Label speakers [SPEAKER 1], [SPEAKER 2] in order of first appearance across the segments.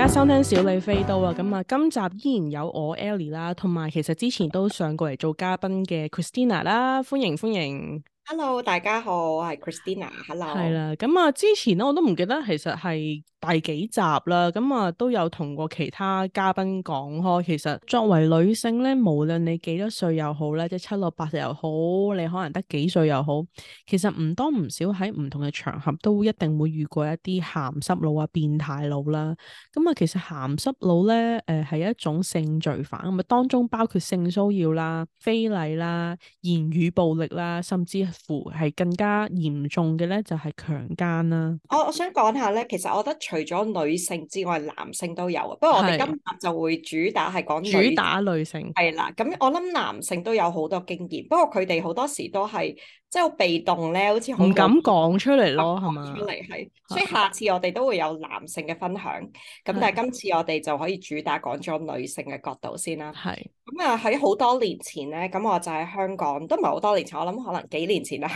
[SPEAKER 1] 大家收聽小李飛刀啊！咁啊，今集依然有我 Ellie 啦，同埋其實之前都上過嚟做嘉賓嘅 Christina 啦，歡迎歡迎。
[SPEAKER 2] hello，大家好，我係 Christina。hello，係啦，
[SPEAKER 1] 咁啊，之前咧我都唔記得，其實係第幾集啦，咁啊，都有同過其他嘉賓講開，其實作為女性咧，無論你幾多歲又好咧，即係七老八十又好，你可能得幾歲又好，其實唔多唔少喺唔同嘅場合都一定會遇過一啲鹹濕佬啊、變態佬啦，咁啊，其實鹹濕佬咧，誒係一種性罪犯，咁啊當中包括性騷擾啦、非禮啦、言語暴力啦，甚至。乎係更加嚴重嘅咧，就係強姦啦、啊哦。我我
[SPEAKER 2] 想講下咧，其實我覺得除咗女性之外，男性都有。不過我哋今集就會主打係講女性，主打女性。係啦，咁我諗男性都有好多經驗，不過佢哋好多時都係。即係被動咧，好似唔敢
[SPEAKER 1] 講出嚟咯，係嘛？出嚟
[SPEAKER 2] 係，所以下次我哋都會有男性嘅分享，咁 但係今次我哋就可以主打講咗女性嘅角度先啦。係咁啊，喺好多年前咧，咁我就喺香港，都唔係好多年前，我諗可能幾年前啦。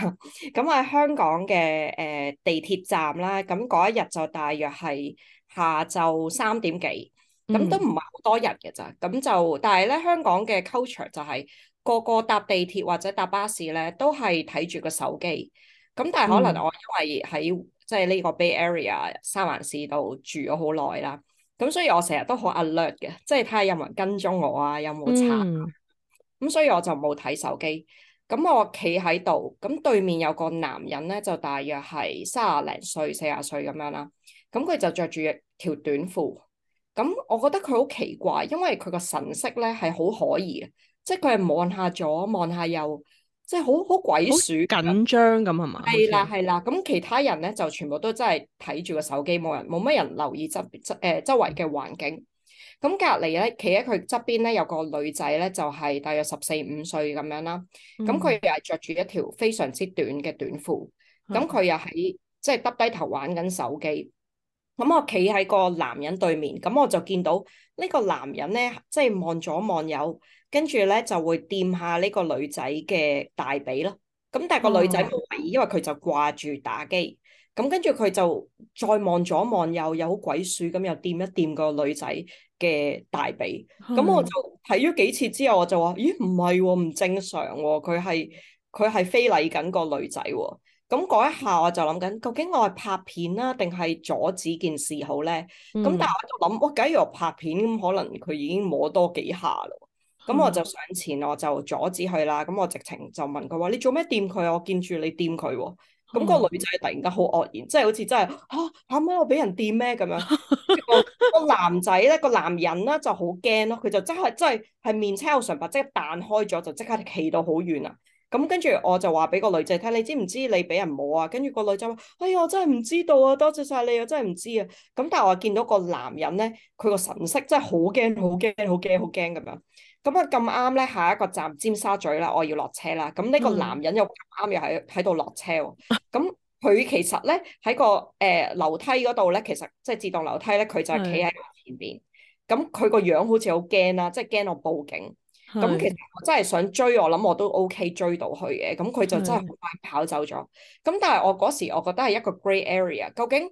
[SPEAKER 2] 咁我喺香港嘅誒、呃、地鐵站啦，咁嗰一日就大約係下晝三點幾，咁都唔係好多人嘅咋，咁就但係咧香港嘅 culture 就係、是。個個搭地鐵或者搭巴士咧，都係睇住個手機。咁但係可能我因為喺、嗯、即係呢個 Bay Area 三環市三藩市度住咗好耐啦，咁所以我成日都好 alert 嘅，即係睇下有冇人跟蹤我啊，有冇
[SPEAKER 3] 查，
[SPEAKER 2] 咁、嗯、所以我就冇睇手機。咁我企喺度，咁對面有個男人咧，就大約係三十零歲、四十歲咁樣啦。咁佢就着住條短褲。咁我覺得佢好奇怪，因為佢個神色咧係好可疑嘅。即係佢係望下左望下右，即係
[SPEAKER 1] 好好鬼鼠緊張咁係嘛？係
[SPEAKER 2] 啦係啦，咁其他人咧就全部都真係睇住個手機，冇人冇乜人留意周周周圍嘅環境。咁隔離咧，企喺佢側邊咧，有個女仔咧，就係、是、大約十四五歲咁樣啦。咁佢、嗯、又係着住一條非常之短嘅短褲。咁佢、嗯、又喺即係耷低頭玩緊手機。咁我企喺個男人對面，咁我就見到呢個男人咧，即、就、係、是、望左望右。跟住咧就會掂下呢個女仔嘅大髀咯，咁但係個女仔冇留意，嗯、因為佢就掛住打機。咁跟住佢就再望左望右，有鬼鼠咁又掂一掂個女仔嘅大髀。咁、嗯、我就睇咗幾次之後，我就話：咦，唔係喎，唔正常喎、啊，佢係佢係非禮緊個女仔喎、啊。咁嗰一下我就諗緊，究竟我係拍片啦，定係阻止件事好咧？咁、嗯、但係我就諗，我假如我拍片咁，可能佢已經摸多幾下啦。咁、嗯、我就上前，我就阻止佢啦。咁我直情就問佢話：你做咩掂佢啊？我見住你掂佢喎。咁、嗯嗯、個女仔突然間好愕然，即係好似真係吓，阿媽，我俾人掂咩咁樣？ 個男仔咧，個男人咧就好驚咯。佢就真係真係係面青有唇白，即係彈開咗就即刻企到好遠啦。咁跟住我就話俾個女仔聽：你知唔知你俾人摸啊？跟住個女仔話：哎呀，我真係唔知道啊，多謝晒你啊，真係唔知啊。咁但係我見到個男人咧，佢個神色真係好驚、好驚、好驚、好驚咁樣。咁啊咁啱咧，下一個站尖沙咀啦，我要落車啦。咁呢個男人又咁啱又喺喺度落車喎、喔。咁佢其實咧喺個誒、呃、樓梯嗰度咧，其實即係自動樓梯咧，佢就係企喺我前面。咁佢個樣好似好驚啦，即係驚我報警。
[SPEAKER 3] 咁是其實我
[SPEAKER 2] 真係想追，我諗我都 OK 追到佢嘅。咁佢就真係快跑走咗。咁是但係我嗰時我覺得係一個 grey area，究竟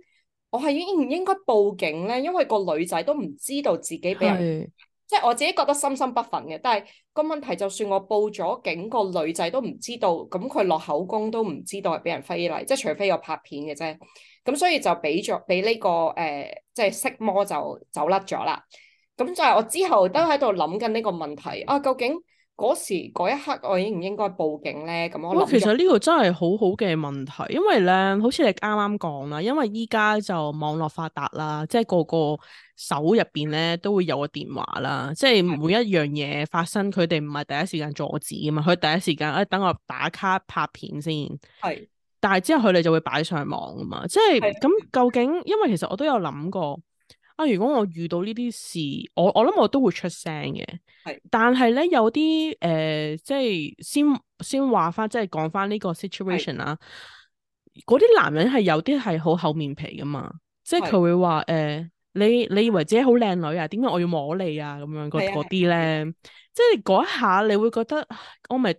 [SPEAKER 2] 我係應唔應該報警咧？因為個女仔都唔知道自己俾人。即係我自己覺得心心不忿嘅，但係個問題，就算我報咗警，個女仔都唔知道，咁佢落口供都唔知道係俾人非禮，即係除非我拍片嘅啫，咁所以就俾咗俾呢個誒、呃，即係色魔就走甩咗啦。咁就係我之後都喺度諗緊呢個問題啊，究竟？嗰時嗰一刻我應唔應該報警咧？咁我諗,我其實呢個
[SPEAKER 1] 真係好好嘅問題，因為咧，好似你啱啱講啦，因為依家就網絡發達啦，即係個個手入邊咧都會有個電話啦，即係每一樣嘢發生，佢哋唔係第一時間阻止㗎嘛，佢第一時間誒、哎、等我打卡拍片先。係的。但係之後佢哋就會擺上網噶嘛，即係咁的究竟，因為其實我都有諗過。啊！如果我遇到呢啲事，我我諗我都會出聲嘅。係，但係咧有啲誒，即係先先話翻，即係講翻呢個 situation 啦。嗰啲男人係有啲係好厚面皮噶嘛，即係佢會話誒，你你以為自己好靚女啊？點解我要摸你啊？咁樣嗰啲咧，即係嗰一下你會覺得我咪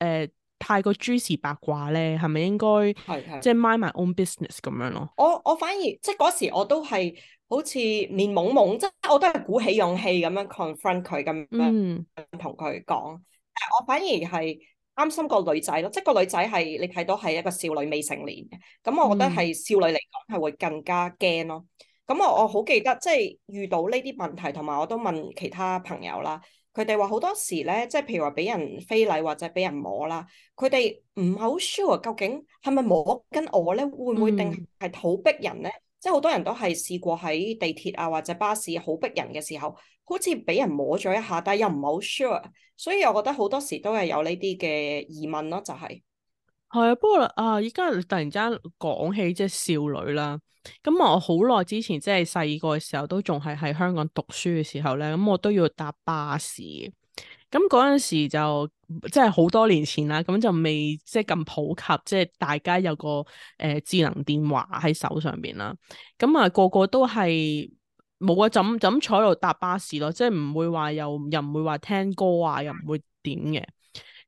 [SPEAKER 1] 誒太過諸事八卦咧？係咪應該係即係 mind my own business 咁樣咯？
[SPEAKER 2] 我我反而即係嗰時我都係。好似面懵懵，即係我都係鼓起勇氣咁樣 confront 佢咁樣同佢講，嗯、但我反而係擔心個女仔咯，即係個女仔係你睇到係一個少女未成年嘅，咁我覺得係少女嚟講係會更加驚咯。咁、嗯、我我好記得即係、就是、遇到呢啲問題，同埋我都問其他朋友啦，佢哋話好多時咧，即係譬如話俾人非禮或者俾人摸啦，佢哋唔係好 sure 究竟係咪摸緊我咧，會唔會定係土逼人咧？嗯即係好多人都係試過喺地鐵啊或者巴士好逼人嘅時候，好似俾人摸咗一下，但係又唔係好 sure，所以我覺得好多時都係有呢啲嘅疑問咯、就
[SPEAKER 3] 係，
[SPEAKER 1] 就係。係 啊，不過啊，依家突然之間講起即係少女啦，咁我好耐之前即係細個嘅時候都仲係喺香港讀書嘅時候咧，咁我都要搭巴士，咁嗰陣時就。即係好多年前啦，咁就未即係咁普及，即係大家有個誒、呃、智能電話喺手上邊啦。咁啊個個都係冇啊，淨淨坐喺度搭巴士咯，即係唔會話又又唔會話聽歌啊，又唔會點嘅。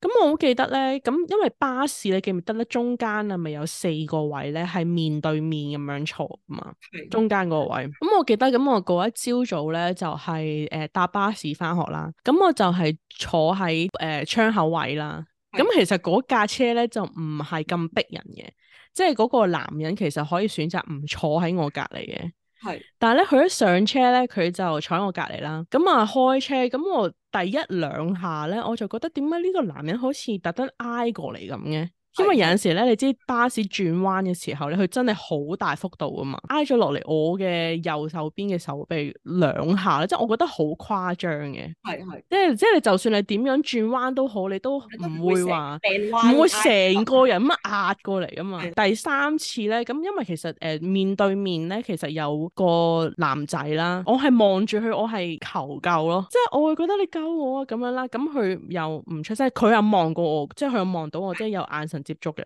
[SPEAKER 1] 咁我好記得咧，咁因為巴士你記唔記得咧，中間啊咪有四個位咧，係面對面咁樣坐啊嘛。中間嗰個位。咁的我記得咁我嗰一朝早咧就係、是、誒、呃、搭巴士返學啦。咁我就係坐喺誒、呃、窗口位啦。咁的其實嗰架車咧就唔係咁逼人嘅，的即係嗰個男人其實可以選擇唔坐喺我隔離嘅。係的。但係咧，佢一上車咧，佢就坐喺我隔離啦。咁啊開車，咁我。第一兩下呢，我就覺得點解呢個男人好似特登挨過嚟咁嘅？因為有陣時咧，你知巴士轉彎嘅時候咧，佢真係好大幅度啊嘛，挨咗落嚟我嘅右手邊嘅手臂兩下咧，即係我覺得好誇張嘅。係係， 即係即係，你就算你點樣轉彎都好，你都唔會話唔會成個人咁壓過嚟㗎嘛。 第三次咧，咁因為其實誒、呃、面對面咧，其實有個男仔啦，我係望住佢，我係求救咯，即係我會覺得你救我啊咁樣啦，咁佢又唔出聲，佢又望過我，即係佢又望到我，即係有眼神。接觸嘅，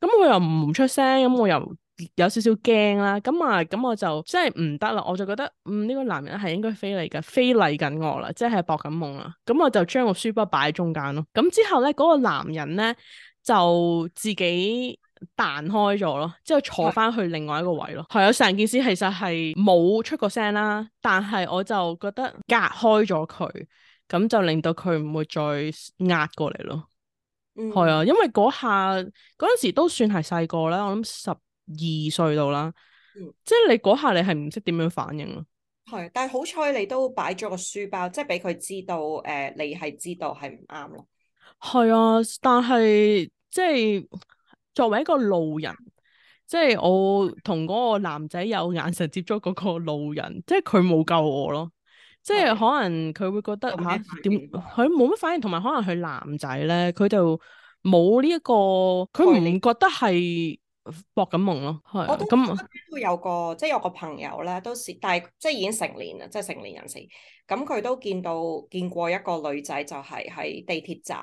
[SPEAKER 1] 咁我又唔出聲，咁我又有少少驚啦，咁啊，咁我就真係唔得啦，我就覺得，嗯，呢個男人係應該非禮嘅，非禮緊我啦，即係搏緊夢啦，咁我就將個書包擺喺中間咯，咁之後咧，嗰個男人咧就自己彈開咗咯，之後坐翻去另外一個位咯，係啊， 成件事其實係冇出過聲啦，但係我就覺得隔開咗佢，咁就令到佢唔會再壓過嚟咯。係、嗯、啊，因為嗰下嗰陣時都算係細個啦，我諗十二歲度啦，嗯、即係你嗰下你係唔識點樣反應咯。
[SPEAKER 2] 係、嗯，但係好彩你都擺咗個書包，即係俾佢知道誒、呃，你係知道係唔啱咯。
[SPEAKER 1] 係啊，但係即係作為一個路人，即係我同嗰個男仔有眼神接觸嗰個路人，即係佢冇救我咯。即係可能佢會覺得吓點佢冇乜反應，同埋 可能佢男仔咧，佢就冇呢一個，佢明明覺得係搏緊夢咯。係，我都
[SPEAKER 2] 都有個、嗯、即係有個朋友咧，都是但係即係已經成年啦，即係成年人士。咁佢都見到見過一個女仔，就係喺地鐵站，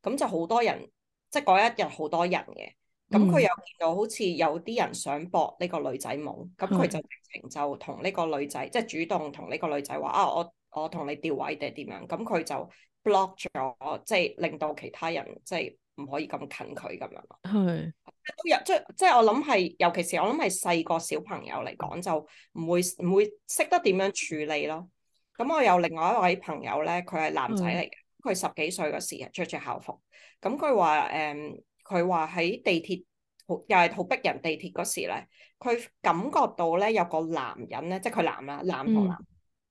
[SPEAKER 2] 咁就好多人，即係嗰一日好多人嘅。咁佢有見到好似有啲人想搏呢個女仔懵。咁佢就直情就同呢個女仔，的即係主動同呢個女仔話啊，我我同你調位定係點樣？咁佢就 block 咗，即係令到其他人即係唔可以咁近佢咁樣咯。係都有，即即係我諗係，尤其是我諗係細個小朋友嚟講，就唔會唔會識得點樣處理咯。咁我有另外一位朋友咧，佢係男仔嚟嘅，佢的十幾歲嘅時着著住校服，咁佢話誒。嗯佢話喺地鐵又係好逼人，地鐵嗰時咧，佢感覺到咧有個男人咧，即係佢男啦，男同男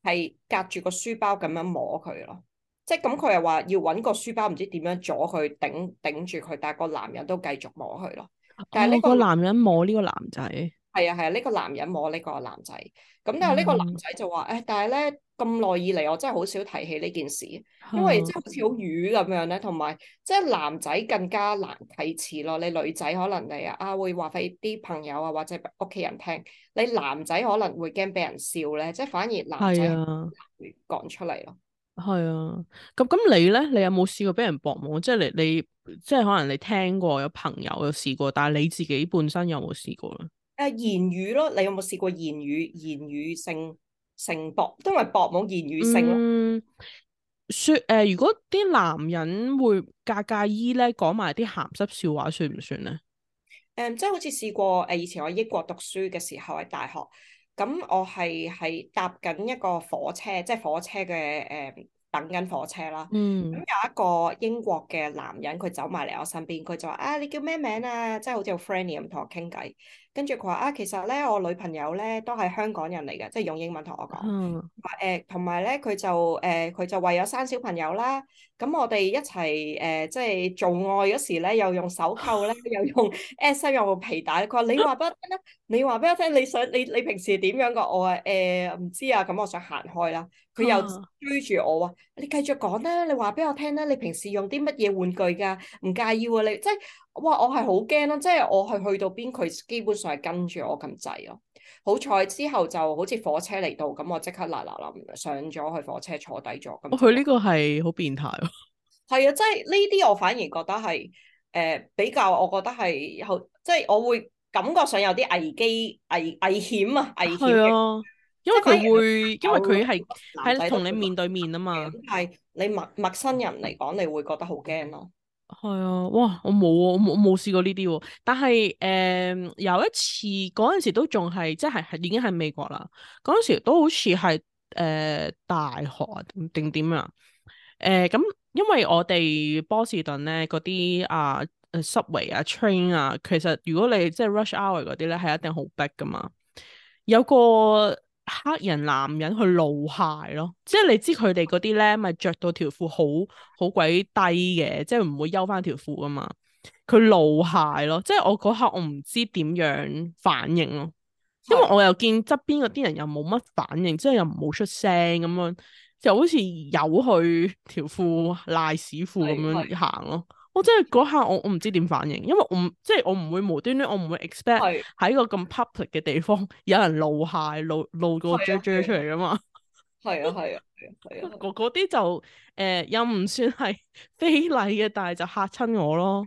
[SPEAKER 2] 係隔住個書包咁樣摸佢咯，即係咁佢又話要搵個書包唔知點樣阻佢頂頂住佢，但係個男人都繼續摸佢咯。
[SPEAKER 1] 但係呢個男人摸呢個男仔，
[SPEAKER 2] 係啊係啊，呢個男人摸呢個男仔，咁但係呢個男仔就話誒，但係咧。咁耐以嚟，我真係好少提起呢件事，因為即係好似好瘀咁樣咧，同埋即係男仔更加難啟齒咯。你女仔可能你啊啊會話俾啲朋友啊或者屋企人聽，你男仔可能會驚俾人笑咧，即係反而男仔講出嚟咯。
[SPEAKER 1] 係啊，咁咁你咧，你有冇試過俾人博懵？即係你你即係可能你聽過有朋友有試過，但係你自己本身有冇試過咧？
[SPEAKER 2] 誒言語咯，你有冇試過言語言語性？城薄，因為薄冇言語性。嗯，
[SPEAKER 1] 說誒、呃，如果啲男人會架架衣咧，講埋啲鹹濕笑話，算唔算咧？
[SPEAKER 2] 誒、嗯，即係好似試過誒、呃，以前我喺英國讀書嘅時候喺大學，咁我係係搭緊一個火車，即係火車嘅誒、呃、等緊火車啦。嗯。咁有一個英國嘅男人，佢走埋嚟我身邊，佢就話啊，你叫咩名啊？即係好似好 friendly 咁同我傾偈。跟住佢話啊，其實咧我女朋友咧都係香港人嚟嘅，即係用英文同我講。嗯。話誒，同埋咧佢就誒佢、呃、就為咗生小朋友啦。咁我哋一齊誒，即、呃、係、就是、做愛嗰時咧，又用手扣啦，又用 S 又用皮帶。佢話你話俾我聽啦，你話俾我聽，你，你想你你平時點樣噶？我話誒唔知啊，咁我想行開啦。佢又追住我話，你繼續講啦，你話俾我聽啦，你平時用啲乜嘢玩具噶？唔介意喎、啊，你即係。即哇！我係好驚咯，即係我係去到邊，佢基本上係跟住我咁滯咯。好彩之後就好似火車嚟到，咁我即刻嗱嗱臨上咗去火車坐低咗。
[SPEAKER 1] 佢呢、哦、個係好變態咯。
[SPEAKER 2] 係啊，即係呢啲我反而覺得係誒、呃、比較，我覺得係好即係我會感覺上有啲危機危危險啊！危險嘅、啊，
[SPEAKER 1] 因為佢會因為佢係係同你面對面啊嘛。但係、啊、你
[SPEAKER 2] 陌、啊啊就是、陌生人嚟講，你會覺得好驚咯。
[SPEAKER 1] 係啊，哇！我冇啊，我冇冇試過呢啲喎。但係誒、呃，有一次嗰陣時都仲係，即係係已經係美國啦。嗰陣時都好似係誒大學定點啊。誒咁、呃，因為我哋波士頓咧嗰啲啊誒 subway 啊 train 啊，其實如果你即係 rush hour 嗰啲咧，係一定好逼，噶嘛。有個。黑人男人去露鞋咯，即係你知佢哋嗰啲咧，咪着到條褲好好鬼低嘅，即係唔會收翻條褲噶嘛。佢露鞋咯，即係我嗰刻我唔知點樣反應咯，因為我又見側邊嗰啲人又冇乜反應，即係又冇出聲咁樣，就好似有去條褲瀨屎褲咁樣行咯。我真係嗰下我我唔知點反應，因為我唔即係我唔會無端端，我唔會 expect 喺、啊、個咁 public 嘅地方有人露鞋露露個 J J 出嚟噶嘛。係啊係啊係啊係啊，嗰啲、啊啊啊啊啊、就誒又唔算係非禮嘅，但係就嚇親我咯。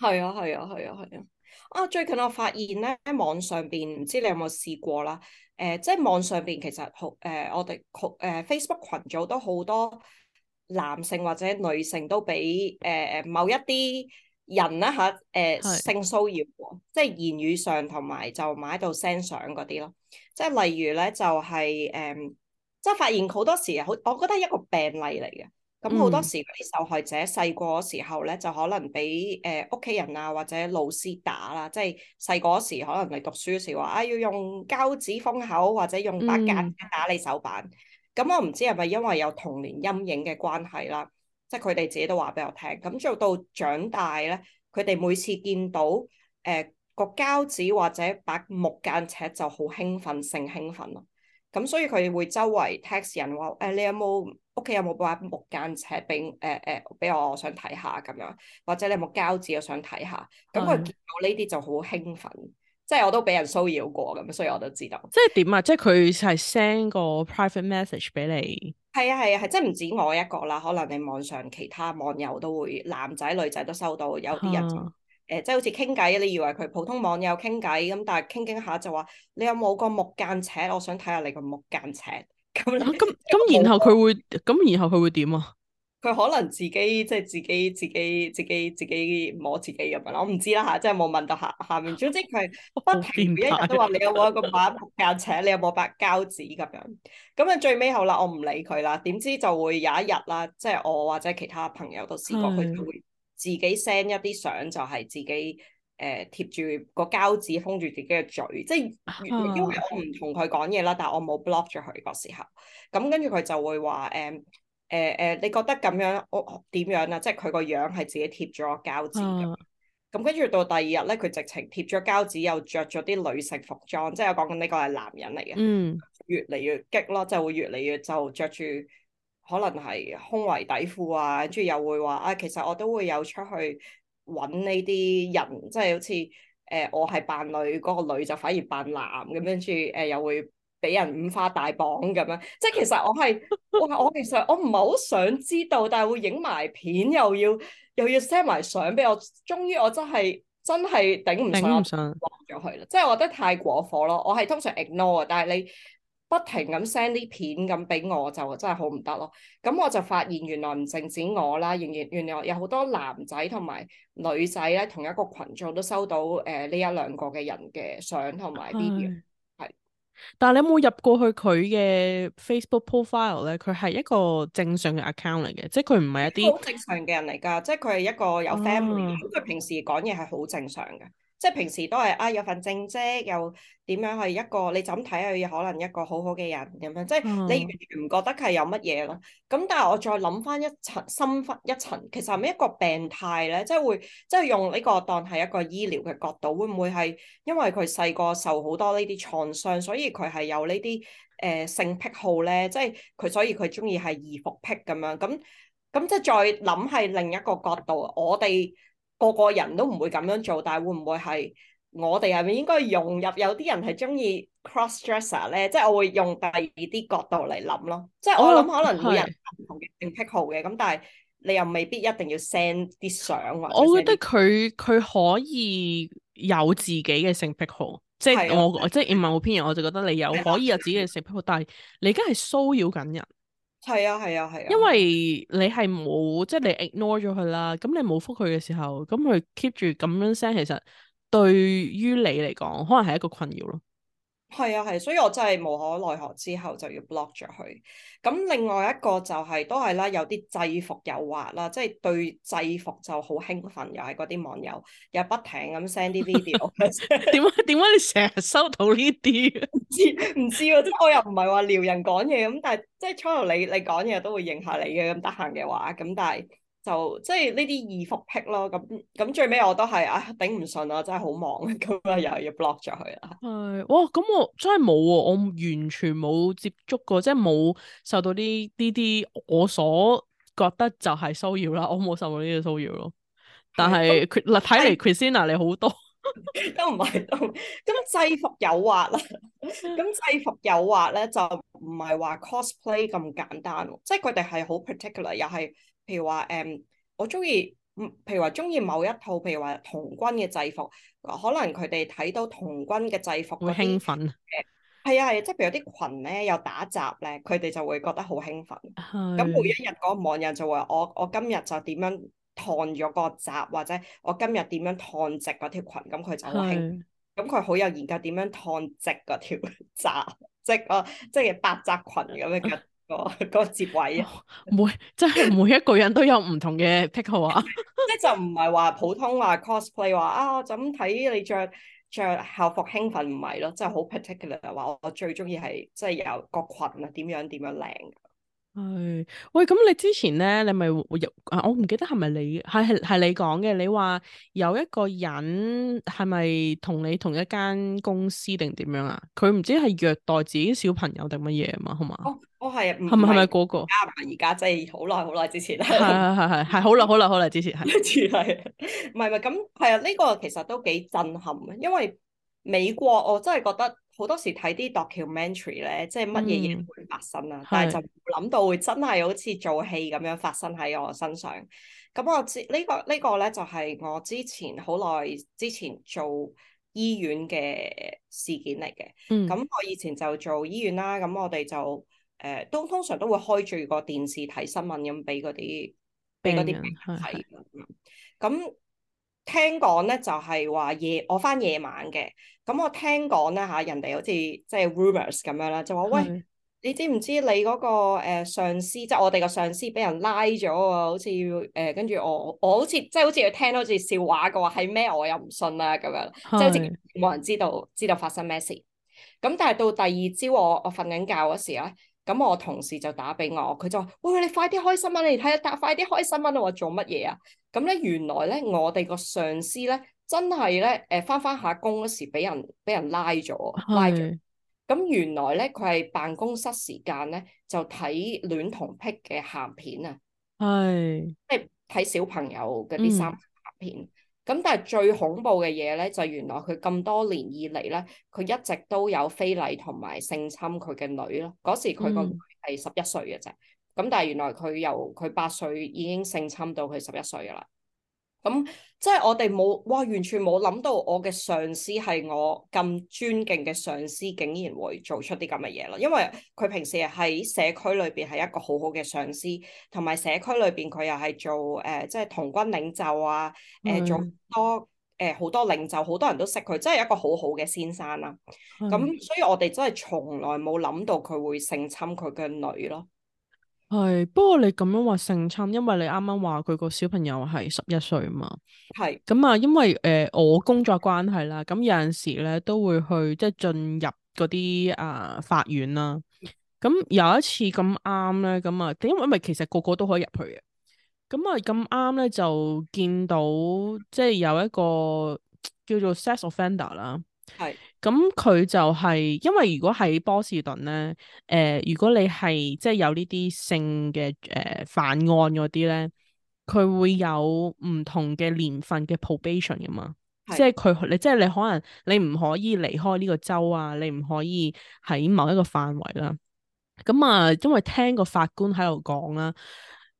[SPEAKER 1] 係
[SPEAKER 2] 啊係啊係啊係啊！啊最近我發現咧，喺網上邊唔知你有冇試過啦？誒即係網上邊其實好誒、呃，我哋羣、呃、Facebook 群組都好多。男性或者女性都俾誒誒某一啲人啦嚇誒性騷擾喎，是即係言語上同埋就喺度 send 相嗰啲咯，即係例如咧就係、是、誒、呃，即係發現好多時好，我覺得係一個病例嚟嘅。咁好多時嗰啲受害者細個時候咧，嗯、就可能俾誒屋企人啊或者老師打啦，即係細個時可能嚟讀書時話啊要用膠紙封口或者用白夾打你手板。嗯咁我唔知係咪因為有童年陰影嘅關係啦，即係佢哋自己都話俾我聽。咁做到長大咧，佢哋每次見到誒、呃、個膠紙或者把木間尺就好興，興奮，性興奮啦。咁所以佢哋會周圍 text 人話：誒、啊，你有冇屋企有冇把木間尺？俾誒誒，俾、呃、我想睇下咁樣，或者你有冇膠紙？我想睇下。咁佢見到呢啲就好興奮。即係我都俾人騷擾過咁，所以我都知道。即
[SPEAKER 1] 係點啊？即係佢係 send 個 private message 俾你。
[SPEAKER 2] 係啊係啊係，即係唔止我一個啦，可能你網上其他網友都會男仔女仔都收到有。有啲人誒，即係好似傾偈，你以為佢普通網友傾偈咁，但係傾傾下就話你有冇個木間尺，我想睇下你個木間尺。咁咁
[SPEAKER 1] 咁，然後佢會咁，然後佢會點啊？
[SPEAKER 2] 佢可能自己即係自己自己自己自己，自己摸自己咁樣啦，我唔知啦吓，即係冇問到下下面。總之佢不停每 一日都話你有冇一個把膠尺，你有冇把膠紙咁樣。咁啊最尾後啦，我唔理佢啦。點知就會有一日啦，即係我或者其他朋友都試過，佢 就會自己 send 一啲相，就係、是、自己誒貼住個膠紙封住自己嘅嘴。即係因為我唔同佢講嘢啦， 但係我冇 block 住佢個時候。咁跟住佢就會話誒。嗯誒誒、呃，你覺得咁樣我點、哦、樣啊？即係佢個樣係自己貼咗膠紙咁。咁跟住到第二日咧，佢直情貼咗膠紙，又着咗啲女性服裝。即係我講緊呢個係男人嚟嘅。嗯，越嚟越激咯，就會越嚟越就着住可能係胸圍底褲啊。跟住又會話啊，其實我都會有出去揾呢啲人，即係好似誒、呃、我係扮女，嗰、那個女就反而扮男咁。跟住誒又會。俾人五花大綁咁樣，即係其實我係， 我其實我唔係好想知道，但係會影埋片又要又要 send 埋相俾我。終於我真係真係頂唔順，頂唔順，
[SPEAKER 3] 放咗佢
[SPEAKER 2] 啦。即係我覺得太過火咯。我係通常 ignore 啊，但係你不停咁 send 啲片咁俾我，就真係好唔得咯。咁我就發現原來唔淨止我啦，原來原來有好多男仔同埋女仔咧，同一個群組都收到誒呢、呃、一兩個嘅人嘅相同埋 video。
[SPEAKER 1] 但係你有冇入過去佢嘅 Facebook profile 咧？佢係一個正常嘅 account 嚟嘅，即係佢唔係一啲好
[SPEAKER 2] 正常嘅人嚟噶，即係佢係一個有 family，咁佢、啊、平時講嘢係好正常嘅。即係平時都係啊，有份正職又點樣，係一個你就咁睇佢可能一個好好嘅人咁樣，即係你完全唔覺得佢係有乜嘢咯。咁但係我再諗翻一層深一層，其實係咪一個病態咧？即係會即係用呢個當係一個醫療嘅角度，會唔會係因為佢細個受好多呢啲創傷，所以佢係有呢啲誒性癖好咧？即係佢所以佢中意係異服癖咁樣，咁咁即係再諗係另一個角度，我哋。個個人都唔會咁樣做，但係會唔會係我哋係咪應該融入有啲人係中意 cross-dresser 咧？即係我會用第二啲角度嚟諗咯。
[SPEAKER 3] 即
[SPEAKER 1] 係我諗可能人唔
[SPEAKER 2] 同嘅性癖好嘅，咁、哦、但係你又未必一定要 send 啲相或者。我覺
[SPEAKER 1] 得佢佢可以有自己嘅性癖好，即係的我即係唔係好偏見，我就覺得你有的可以有自己嘅性癖好， 但係你而家係騷擾緊人。
[SPEAKER 3] 係啊，係啊，係啊，啊啊啊，
[SPEAKER 1] 因為你係冇即係你 ignore 咗佢啦，咁、嗯、你冇復佢嘅時候，咁佢 keep 住咁樣 send 其實對於你嚟講，可能係一個困擾咯。
[SPEAKER 3] 係啊，係、啊，所
[SPEAKER 2] 以我真係無可奈何，之後就要 block 咗佢。咁另外一個就係、是、都係啦，有啲制服誘惑啦，即係對制服就好興奮，又係嗰啲網友又不停咁 send 啲 video。
[SPEAKER 1] 點解點解你成日收到呢啲？唔知
[SPEAKER 2] 唔知喎，即係我又唔係話撩人講嘢咁，但係即係初頭你你講嘢都會應下你嘅咁得閒嘅話，咁但係。就即係呢啲易服癖咯，咁、嗯、咁最尾我都係啊頂唔順啊，真係好忙啊，咁、嗯、啊又要 block 咗佢啦。係，
[SPEAKER 1] 哇！咁我真係冇喎，我完全冇接觸過，即係冇受到啲呢啲我所覺得就係騷擾啦，我冇受到呢啲騷擾咯。但係佢嗱睇嚟的 Christina 你好多的，
[SPEAKER 2] 都唔係咁制服誘惑啦。咁制服誘惑咧就唔係話 cosplay 咁簡單，即係佢哋係好 particular，又係。譬如話，誒、嗯，我中意，譬如話中意某一套，譬如話童軍嘅制服，可能佢哋睇到童軍嘅制服，會興奮。係啊係，即係譬如有啲裙咧，有打褶咧，佢哋就會覺得好興奮。咁的每一日嗰個網人就話我我今日就點樣燙咗個褶，或者我今日點樣燙直嗰條裙，咁佢就興。咁佢好有研究點樣燙直嗰條褶，即係即係百褶裙咁樣嘅。 個個接位，
[SPEAKER 1] 每即係每一個人都有唔同嘅癖好啊！
[SPEAKER 2] 即係就唔係話普通話 cosplay 話啊，我就咁睇你着着校服興奮唔係咯，即係好 particular 話我最中意係即係有個裙啊，點樣點樣靚。
[SPEAKER 1] 係喂，咁你之前咧，你咪入？我唔記得係咪你係係係你講嘅？你話有一個人係咪同你同一間公司定點樣啊？佢唔知係虐待自己小朋友定乜嘢啊嘛？好嘛？
[SPEAKER 2] 哦，我係啊，係咪係咪嗰個？而家即係好耐好耐之前啦，係係
[SPEAKER 1] 係係好耐好耐好耐之前，一次係，
[SPEAKER 2] 唔係唔係咁係啊？呢、 呢個其實都幾震撼，啊，因為美國我真係覺得。好多時睇啲 documentary 咧，即係乜嘢嘢會發生啊，嗯、但係就冇諗到會真係好似做戲咁樣發生喺我身上。咁我之呢、呢個呢個呢個咧，就係、是、我之前好耐之前做醫院嘅事件嚟嘅。咁、嗯、我以前就做醫院啦，咁我哋就誒都、呃、通常都會開住個電視睇新聞，咁俾嗰啲
[SPEAKER 3] 俾嗰啲病人睇。
[SPEAKER 2] 咁聽講咧就係、是、話夜我返夜晚嘅，咁我聽講咧嚇人哋好似即係 rumors 咁樣啦，就話的喂，你知唔知你嗰、那個、呃、上司即係我哋個上司俾人拉咗喎，好似誒跟住我我好似即係好似聽到好似笑話嘅話係咩？我又唔信啦咁樣，的即係冇人知道知道發生咩事。咁但係到第二朝我我瞓緊覺嗰時咧。咁我同事就打俾我，佢就話：喂，你快啲開新聞啊，你睇下，快啲開新聞啊，我話做乜嘢啊？咁咧，原來咧，我哋個上司咧，真係咧，誒、呃，翻翻下工嗰時俾人俾人拉咗，拉咗。咁是原來咧，佢係辦公室時間咧，就睇戀童癖嘅鹹片啊，
[SPEAKER 3] 係是，
[SPEAKER 2] 即係睇小朋友嗰啲三級鹹片。咁但係最恐怖嘅嘢咧，就原來佢咁多年以嚟咧，佢一直都有非禮同埋性侵佢嘅女咯。嗰時佢個女係十一歲嘅啫。咁但係原來佢由佢八歲已經性侵到佢十一歲噶啦。咁、嗯、即係我哋冇，哇，完全冇諗到我嘅上司係我咁尊敬嘅上司，竟然會做出啲咁嘅嘢咯。因為佢平時喺社區裏邊係一個好好嘅上司，同埋社區裏邊佢又係做誒、呃，即係童軍領袖啊，誒、呃，做多誒好、呃、多領袖，好多人都識佢，真係一個好好嘅先生啦、啊。
[SPEAKER 1] 咁、嗯、
[SPEAKER 2] 所以我哋真係從來冇諗到佢會性侵佢嘅女咯。
[SPEAKER 1] 係，不過你咁樣話性侵，因為你啱啱話佢個小朋友係十一歲嘛，係是，咁啊、嗯，因為誒、呃、我工作關係啦，咁、嗯、有陣時咧都會去即係進入嗰啲啊法院啦，咁、嗯嗯、有一次咁啱咧，咁、嗯、啊，因為因為其實個個都可以入去嘅，咁啊咁啱咧就見到即係有一個叫做 sex offender 啦。係咁，佢就係、是、因為如果喺波士頓咧，誒、呃，如果你係即係有呢啲性嘅誒、呃、犯案嗰啲咧，佢會有唔同嘅年份嘅 probation 噶嘛？是即係佢你即係你可能你唔可以離開呢個州啊，你唔可以喺某一個範圍啦、啊。咁啊，因為聽個法官喺度講啦、啊，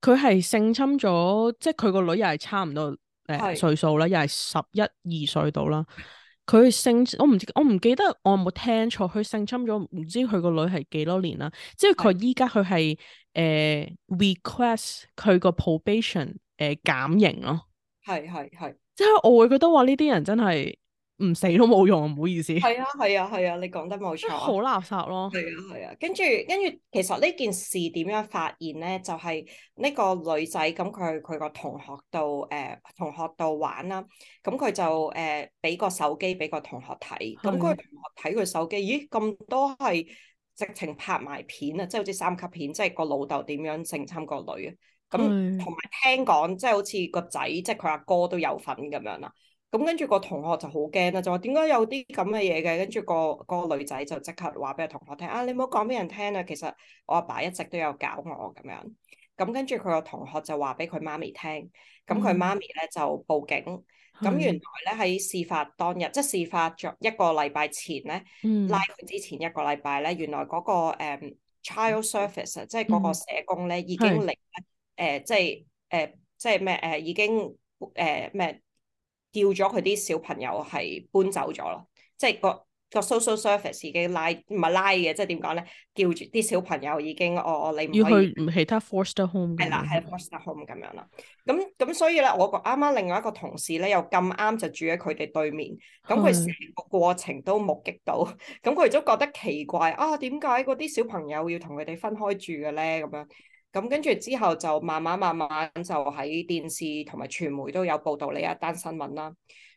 [SPEAKER 1] 佢係性侵咗，即係佢個女又係差唔多誒、呃、歲數啦，是又係十一二歲到啦。佢性，我唔知，我唔記得，我有冇聽錯？佢性侵咗，唔知佢個女係幾多年啦。即係佢依家佢係誒 request 佢個 probation 誒、呃、減刑咯。
[SPEAKER 3] 係係係，
[SPEAKER 1] 即係我會覺得話呢啲人真係。唔死都冇用，唔好意思。係
[SPEAKER 3] 啊，係啊，係啊，你講得冇錯。好垃
[SPEAKER 2] 圾咯。係啊，係啊，跟住跟住，其實呢件事點樣發現咧？就係呢個女仔咁，佢去佢個同學度誒同學度玩啦。咁佢就誒俾個手機俾個同學睇。咁佢同學睇佢手機，咦咁多係直情拍埋片啊！即係好似三級片，即係個老豆點樣性侵個女啊？
[SPEAKER 3] 咁同
[SPEAKER 2] 埋聽講，即係好似個仔，即係佢阿哥都有份咁樣啦。咁跟住個同學就好驚啦，就話點解有啲咁嘅嘢嘅？跟住、嗰個嗰、嗰個、女仔就即刻話俾個同學聽啊！你唔好講俾人聽啊，其實我阿爸，爸一直都有搞我咁樣。咁跟住佢個同學就話俾佢媽咪聽，咁佢媽咪咧就報警。咁、嗯、原來咧喺事發當日，即事發咗一個禮拜前咧，拉佢之前一個禮拜咧，原來嗰、嗰個、um, child service 啊、嗯，即係嗰個社工咧已經嚟。誒是、呃、即係誒、呃、即係咩誒已經誒咩。呃叫咗佢啲小朋友係搬走咗咯，即係個個 social service 已經拉唔係拉嘅，即係點講咧？叫住啲小朋友已經，哦，你唔可以要去
[SPEAKER 1] 其他 foster home 係啦，喺
[SPEAKER 2] foster home 咁樣啦。咁咁所以咧，我個啱啱另外一個同事咧又咁啱就住喺佢哋對面，咁佢成個過程都目擊到，咁佢都覺得奇怪啊，點解嗰啲小朋友要同佢哋分開住嘅咧？咁樣。咁跟住之後就慢慢慢慢就喺電視同埋傳媒都有報道呢一單新聞啦。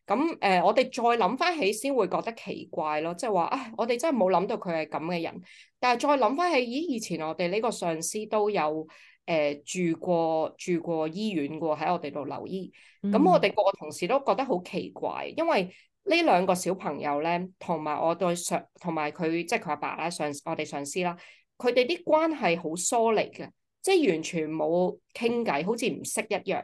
[SPEAKER 2] 咁誒、呃，我哋再諗翻起先會覺得奇怪咯，即係話啊，我哋真係冇諗到佢係咁嘅人。但係再諗翻起，咦，以前我哋呢個上司都有誒、呃、住過住過醫院嘅喎，喺我哋度留醫。咁、嗯、我哋個個同事都覺得好奇怪，因為呢兩個小朋友咧，同埋我對上同埋佢即係佢阿爸啦，上我哋上司啦，佢哋啲關係好疏離嘅。即係完全冇傾偈，好似唔識一樣。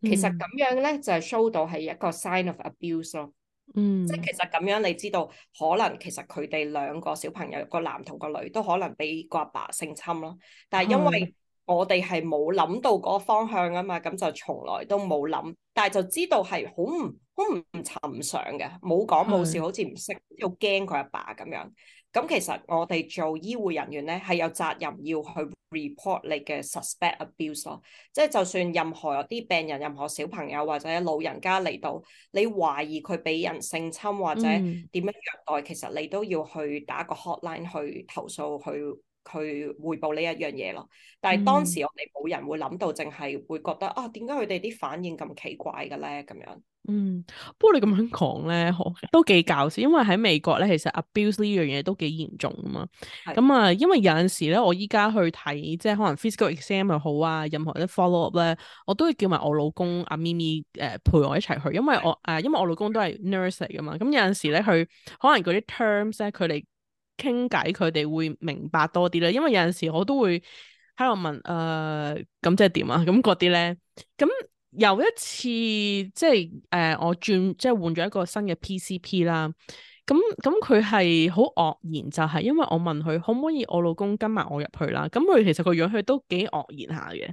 [SPEAKER 2] 其實咁樣咧，就係 show 到係一個 sign of abuse 咯。嗯，
[SPEAKER 3] 即係其
[SPEAKER 2] 實咁樣，你知道可能其實佢哋兩個小朋友，個男同個女都可能俾個阿爸性侵咯。但係因為我哋係冇諗到嗰個方向啊嘛，咁就從來都冇諗。但係就知道係好唔好唔尋常嘅，冇講冇笑，好似唔識又驚佢阿爸咁樣。咁其實我哋做醫護人員咧，係有責任要去 report 你嘅 suspect abuse 咯。即係就算任何有啲病人、任何小朋友或者老人家嚟到，你懷疑佢俾人性侵或者點樣虐待，其實你都要去打個 hotline 去投訴去。佢彙報呢一樣嘢咯，但係當時我哋冇人會諗到，淨係會覺得、嗯、啊，點解佢哋啲反應咁奇怪嘅咧？咁樣，嗯，
[SPEAKER 1] 不過你咁樣講咧，都幾搞笑。因為喺美國咧，其實 abuse 呢樣嘢都幾嚴重啊嘛。咁啊是、嗯，因為有陣時咧，我依家去睇，即係可能 physical exam 又好啊，任何啲 follow up 咧，我都會叫埋我老公阿咪咪誒陪我一齊去，因為我誒是、呃，因為我老公都係 nurse 嚟噶嘛。咁、嗯、有陣時咧，佢可能嗰啲 terms 咧，佢哋。傾偈，佢哋會明白多啲咧。因為有陣時我都會喺度問誒，咁、呃、即係點啊？咁嗰啲咧，咁有一次即係誒、呃，我轉即係換咗一個新嘅 PCP 啦。咁咁佢係好愕然，就係、是、因為我問佢可唔可以我老公跟埋我入去啦。咁佢其實個樣佢都幾愕然下嘅。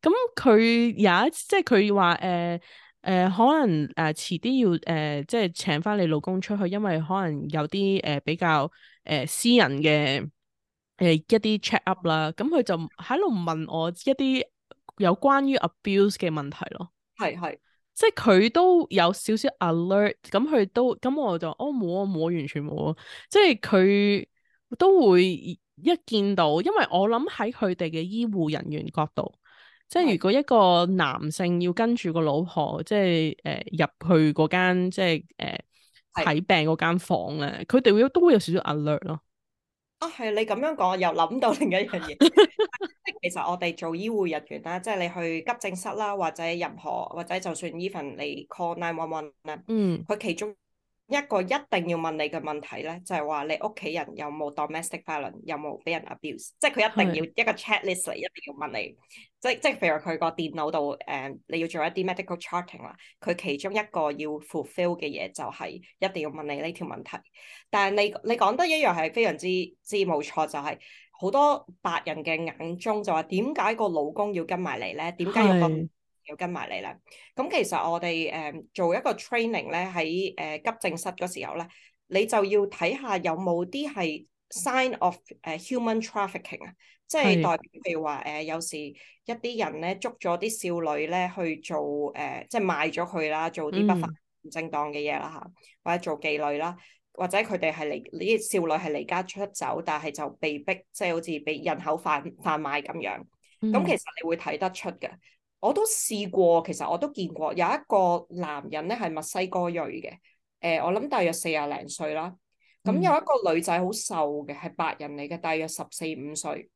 [SPEAKER 1] 咁佢有一即係佢話誒。呃誒、呃、可能誒、呃、遲啲要誒即係請返你老公出去，因為可能有啲誒、呃、比較誒、呃、私人嘅誒、呃、一啲 check up 啦、嗯。咁佢就喺度問我一啲有關於 abuse 嘅問題咯。係係是，即係佢都有少少 alert，咁、嗯、佢都咁、嗯、我就哦冇啊冇，完全冇啊。即係佢都會一見到，因為我諗喺佢哋嘅醫護人員角度。即係如果一個男性要跟住個老婆，即係誒入去嗰間即係誒睇病嗰間房咧，佢哋會都會有少少 alert 咯。
[SPEAKER 2] 啊，係你咁樣講，又諗到另一樣嘢。即係 其實我哋做醫護人員啦，即係你去急症室啦，或者任何或者就算 even 你 call nine one one 咧，嗯，佢其中。一個一定要問你嘅問題咧，就係、是，話你屋企人有冇 domestic violence，有冇俾人 abuse，即係佢一定要一個 checklist 嚟，的一定要問你。即係即係，譬如佢個電腦度，誒、uh,，你要做一啲 medical tracking 啦，佢其中一個要 fulfill 嘅嘢就係一定要問你呢條問題。但係你你講得一樣係非常之之冇錯，就係、是，好多白人嘅眼中就話，點解個老公要跟埋嚟咧？點解要個？要跟埋你啦。咁其實我哋誒做一個 training 咧，喺誒急症室嗰時候咧，你就要睇下有冇啲係 sign of human trafficking 啊，即係代表譬的如話誒有時一啲人咧捉咗啲少女咧去做誒、呃，即係賣咗佢啦，做啲不法唔正當嘅嘢啦嚇，嗯、或者做妓女啦，或者佢哋係嚟呢啲少女係離家出走，但係就被逼即係好似被人口販販賣咁樣。
[SPEAKER 3] 咁、嗯、其實
[SPEAKER 2] 你會睇得出嘅。我都試過，其實我都見過有一個男人咧係墨西哥裔嘅，誒，我諗大約四廿零歲啦。咁有一個女仔好瘦嘅，係白人嚟嘅，大約十四五歲。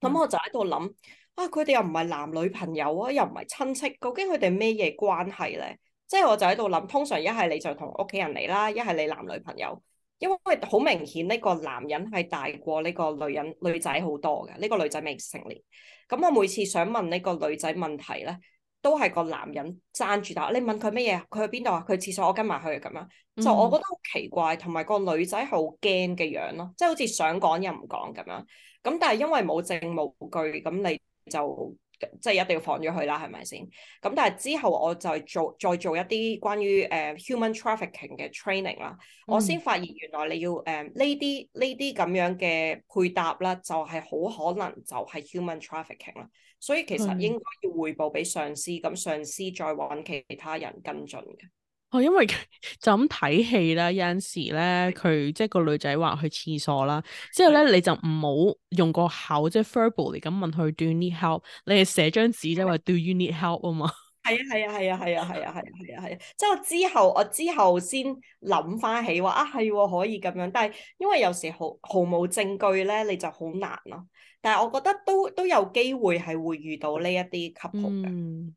[SPEAKER 2] 咁我就喺度諗啊，佢哋又唔係男女朋友啊，又唔係親戚，究竟佢哋咩嘢關係咧？即係我就喺度諗，通常一係你就同屋企人嚟啦，一係你男女朋友。因為好明顯，呢個男人係大過呢個女人女仔好多嘅，呢個女仔未成年。咁我每次想問呢個女仔問題咧，都係個男人爭住答。你問佢乜嘢？佢去邊度啊？佢去廁所，我跟埋去。咁樣。就我覺得好奇怪，同埋個女仔好驚嘅樣咯，即係好似想講又唔講咁樣。咁但係因為冇證冇據，咁你就。即係一定要放咗佢啦，係咪先？咁但係之後我就做再做一啲關於誒、uh, human trafficking 嘅 training 啦，嗯、我先發現原來你要誒呢啲呢啲咁樣嘅配搭啦，就係、是、好可能就係 human trafficking 啦。所以其實應該要匯報俾上司，咁上司再搵其他人跟進嘅。
[SPEAKER 1] 哦，因為就咁睇戲啦，有陣時咧，佢即係個女仔話去廁所啦，之後咧你就唔好用個口即係 verbal 嚟咁問佢 do you need help，你係寫張紙即係話 do you need help 啊嘛。
[SPEAKER 2] 係啊係啊係啊係啊係啊係啊係啊，即係我之後我之後先諗翻起話啊係可以咁樣，但係因為有時毫毫無證據咧，你就好難咯。但係我覺得都都有機會係會遇到呢一啲 couple
[SPEAKER 3] 嘅。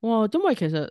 [SPEAKER 1] 哇，因為其實。